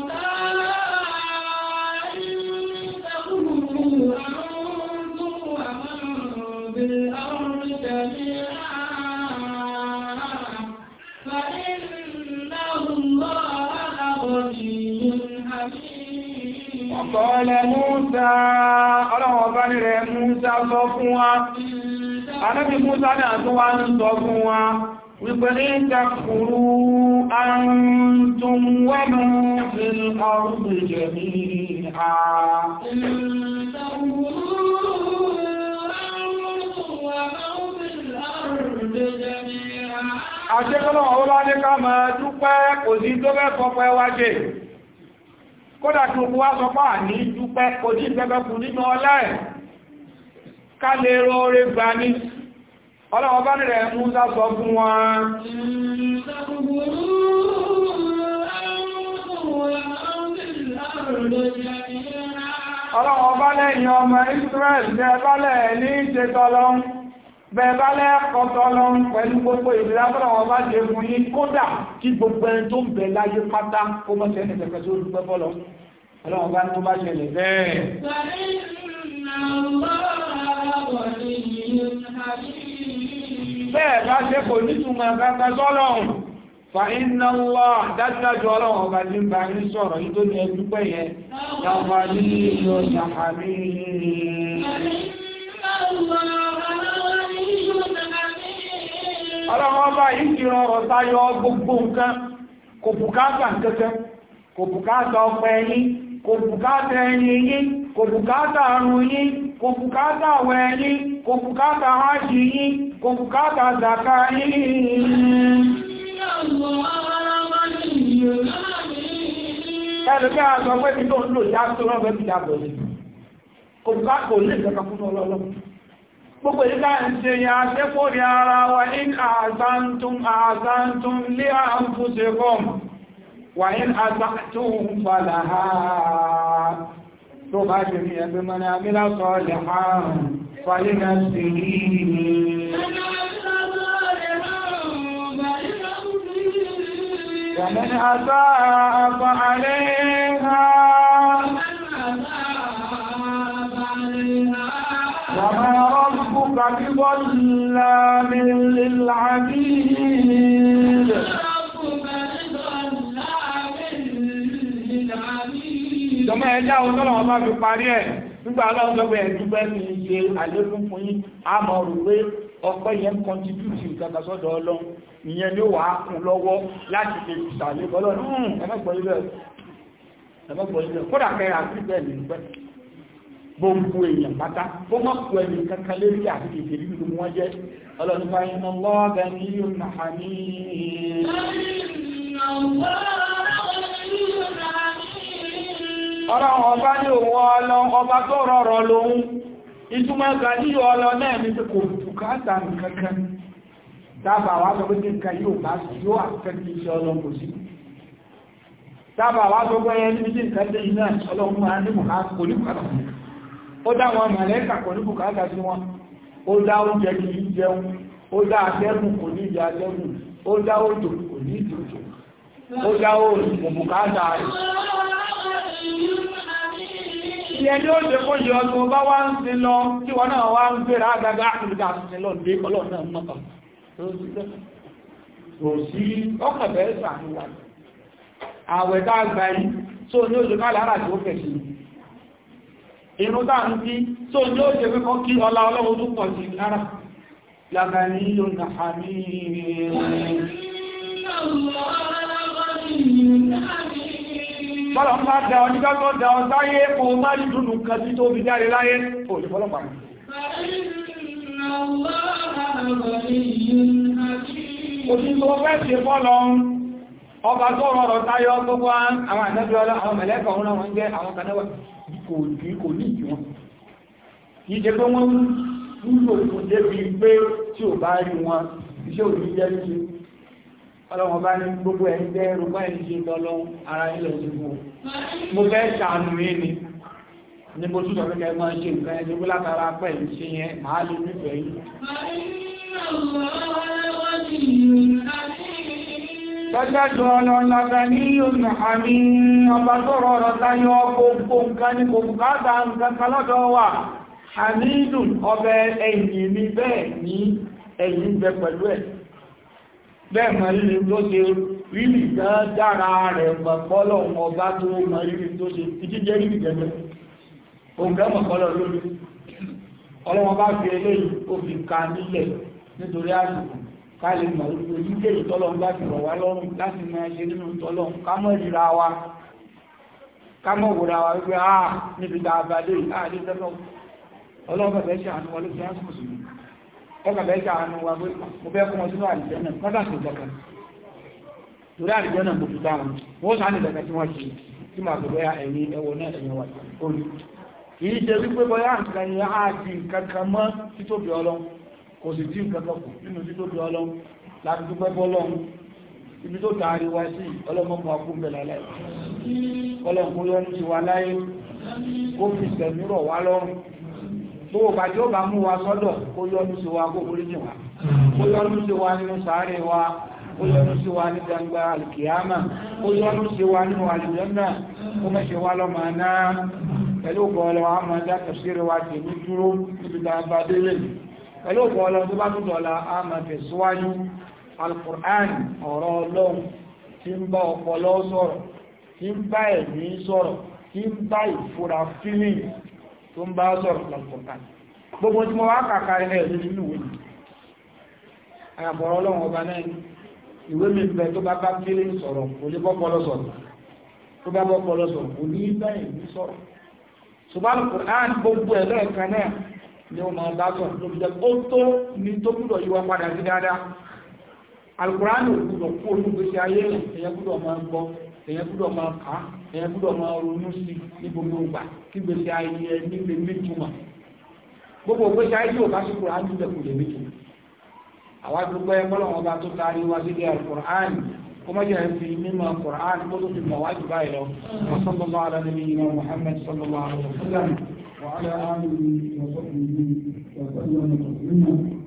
[SPEAKER 1] Kọ́lẹ̀ Múta, ọlọ́wọ̀ bá nírẹ̀ Múta sọ fún wa. Anábi Múta náà tó wá ń sọ fún wa, wípé ní takùrú àrùntún wọ́nù fi ọrùn jẹ̀mí à.
[SPEAKER 2] Àṣẹ́kọ́lọ̀ ọlọ́dé
[SPEAKER 1] ká máa dúpẹ́ kò tó bẹ́ fọ́pẹ́ wájẹ̀. kódà kí ogun wá sọpá ní dúpẹ́ kò ní ìgbẹ́gbẹ́kù nínú ọlá ẹ̀ ká lè rọrẹ gbà ní ọlọ́wọ́ bá nílẹ̀ mú sásọ fún
[SPEAKER 2] ọlọ́wọ́
[SPEAKER 1] Israel jẹ́ ní bẹ̀bálẹ́ ọ̀tọ̀ lọ pẹ̀lú gbogbo ìdílá tọ́rọ wọn bá ṣe fún yín kódà kí gbogbo ẹni tó ń bẹ láyé pátá ó mọ́ sí ẹni tẹ̀kẹ́ tó dúpẹ́ bọ́lọ̀ ọlọ́run bá ń tó bá ṣẹlẹ̀ bẹ́ẹ̀.
[SPEAKER 2] bẹ́ẹ̀ bá ṣe kò
[SPEAKER 1] ní túmọ̀ kàkà sọ́lọ́run fa iná lọ dájúdájú ọlọ́run ọba ní bá ní sọ̀rọ̀ yìí tó ní ẹjú pẹ́ yẹn yàwó ní ìlú ọ̀sán àmì
[SPEAKER 2] ọlọ́run ọba yìí ti
[SPEAKER 1] rán ọ̀rọ̀ gbogbo nǹkan kò bùkátà kankan kò bùkátà ọpẹ́ yín kò bùkátà ẹyin yín kò bùkátà àrùn yín kò bùkátà àwẹ̀ kò bùkátà yín kò bùkátà yín gbogbo ìlà ń ṣe ya ṣẹ́kórí ara wa in àzántum àzántum lé àǹfúṣẹ́kọ́m wà in àzántum fàlàhà tó bá ṣe ní ẹgbẹ́ mọ́ni àmìlá sọ́ọ̀lẹ̀ àrùn fàlínà sí ومن أساء فعليها وما ربك بظلام للعبيد Ìjọmọ́ ẹjá ọlọ́run ọba fi parí ẹ̀ nígbà ọlọ́run tó bẹ̀rẹ̀ dúpẹ́ ní ṣe àlékún fún yín, a mọ̀ rò pé ọpẹ́ yẹn kọntitútì ìkàkà sọ́dọ̀ ọlọ́run, ìyẹn ló wà á kún lọ́wọ́ láti fi ṣàlékọ́ ọlọ́run, ẹmẹ́gbọ̀ ilẹ̀ gbogbo èèyàn pátá ó má kú ẹni kankan lérí àti ìfèrí na wọn jẹ́ ọlọ́nùfà iná ní ọba ní òun ọlọ ọba tó rọrọ̀ lòun ìtumọ̀ ní ọlọ náà ní pé kò bùkátà dábàá sọ pé kí nǹkan yóò bá yóò iṣẹ́ sí dábàá sọ pé ẹni nǹkan dé iná ó dá wọn màlẹ́kà kò ní bùkátà sí wọn ó dá oúnjẹ kì í jẹun ó dá atẹ́gùn kò ní ìdí atẹ́gùn ó dá òjò kò ní ìdí ó dá òòrùn kò rẹ̀ ẹni ó jẹ kóyẹ ọdún bá wá ń sin lọ tí wọn náà wá ń gbèrà lọ náà kò sí ọkọ̀ yìí tó irun táà ń bí tó ní ó jẹ́ pípọ́ kí ọlá ọlọ́run tó pọ̀ sí lára lága ní yóò hàmí
[SPEAKER 2] Bọ́lọ̀ ń bá da ọ ní gbogbo
[SPEAKER 1] da ọ sáyé kò má ní dúdú kan tí tó fi jáde láyé kò ní fọ́lọ́pàá. Òṣì tó fẹ́ ṣe fọ́lọ́ ọba tó rọrọ̀ táyọ gbogbo àwọn àdájọ́ àwọn mẹ̀lẹ́kọ̀ọ́ kò ní ìjọ yìí pé wọ́n nílò ìfòjẹ́ bí pé tí ò bá rí wọn iṣẹ́ ò ní jẹ́ sí ọlọ́wọ́n bá ní gbogbo ẹ̀ ń jẹ́ rúgbọ́n ara ilẹ̀ ti mo fẹ́ ṣàánú yé ni ní mo túnṣọ́ pé kẹ́ ṣe nǹkan
[SPEAKER 2] ẹni
[SPEAKER 1] Lọ́jọ́jọ́ ọlọ́lọ́gbà ní ọ̀nà àmì ọba tó rọrọ̀ táyọ gbogbo nǹkan ní kò bùkátà nǹkan kan lọ́dọ̀ wa. Àmìdù ọbẹ̀ ẹ̀yìn mi bẹ́ẹ̀ ní ẹ̀yìn bẹ pẹ̀lú ẹ̀. Bẹ́ẹ̀ mọ̀ rí tó ṣe rí dára rẹ̀ pọ̀pọ̀lọ̀ ọba tó mọ̀ rí tó ṣe nítorí àsìkò ká lè mọ̀ wípé onílé ìtọ́lọ́ bá ti rọ̀ wá lọ́rùn láti máa ṣe nínú ìtọ́lọ́ ká mọ̀ ìrà wa ká mọ̀ wòrà wa wípé a níbi tá a bá dé àdé tẹ́lọ́ ọlọ́ọ̀bẹ̀ fẹ́ ṣe àánú wa ló fi á sùn sùn ọkà fẹ́ ṣe àánú wa pé mo fẹ́ fún ọ sínú àdìjẹ́ náà kọ́dà sí ìjọba torí àdìjẹ́ náà mo fi bá wọn wọ́n sá ní ìdọ̀kẹ́ tí wọ́n ṣe tí màá gbogbo ẹ̀yìn ẹwọ náà ẹ̀yìn wà kò ní kì í ṣe wípé kò sì tí nǹkan kọkù nínú tí tó dùn ọlọ́run láti dúpẹ́ bọ́ ọlọ́run ibi tó tààrí wá sí ọlọ́mọkọ̀ akúnbẹ̀ lálẹ́ ọlọ́run kó yọ́nú ti wá láyé kó fi ìtẹ̀mí rọ̀ wá lọ́rùn gbogbo pàtí ó bá mú wa sọ́dọ̀ kó yọ́nú sí wa kó borí jìn wá kó yọ́nú sí wa nínú sàárè wa kó yọ́nú sí wa ní gbangba alìkìyàmà kó yọ́nú sí wa nínú àlùjànnà kó mẹ́ṣẹ̀ pẹ̀lú ọgbọ̀ ọlọ́wọ́ àmọ́ dá tẹ̀síre tèmi dúró níbi tá a pẹ̀lú òkú ọlọ́run tó bá tún dọ̀la a máa tẹ̀síwájú alkùrán ọ̀rọ̀ ọlọ́run tí ń bá ọpọlọ sọ̀rọ̀ tí ń bá ẹ̀mí sọ̀rọ̀ tí ń bá ìfura fílì tó ń bá sọ̀rọ̀ alkùrán ni àyàbọ̀rọ̀ ọlọ́run ọba náà ìwé mi bẹ tó bá bá fílì sọ̀rọ̀ kò ní bọ́pọlọ sọ̀rọ̀ tó bá bọ́pọlọ sọ̀rọ̀ kò ní bá ẹ̀mí sọ̀rọ̀ ṣùgbọ́n ni ó máa dájọ́ ló fi jẹ́ ó tó ní tó gbúdọ̀ yíwa padà sí dáadáa alukuraani ò gbúdọ̀ kú olú gbèsè ayé rẹ̀ èyàn gbúdọ̀ máa gbọ́ èyàn gbúdọ̀ máa kà á èyàn gbúdọ̀ máa ronú sí ní gbogbo ìgbà kí gbèsè ayé ẹ nílé méjùmọ̀ gbogbo gbèsè ayé yóò bá sí kuraani lẹ̀ kò lè méjùmọ̀ àwa dúpẹ́ mọ́lọ́wọ́n bá tó taari wá sí alukuraani kuma jẹ́ fi mímọ̀ alukuraani kó tó fi mọ̀ wájú báyìí lọ wọ́n sọ́kọ́ bá وعلى آله وصحبه وسلم تسليما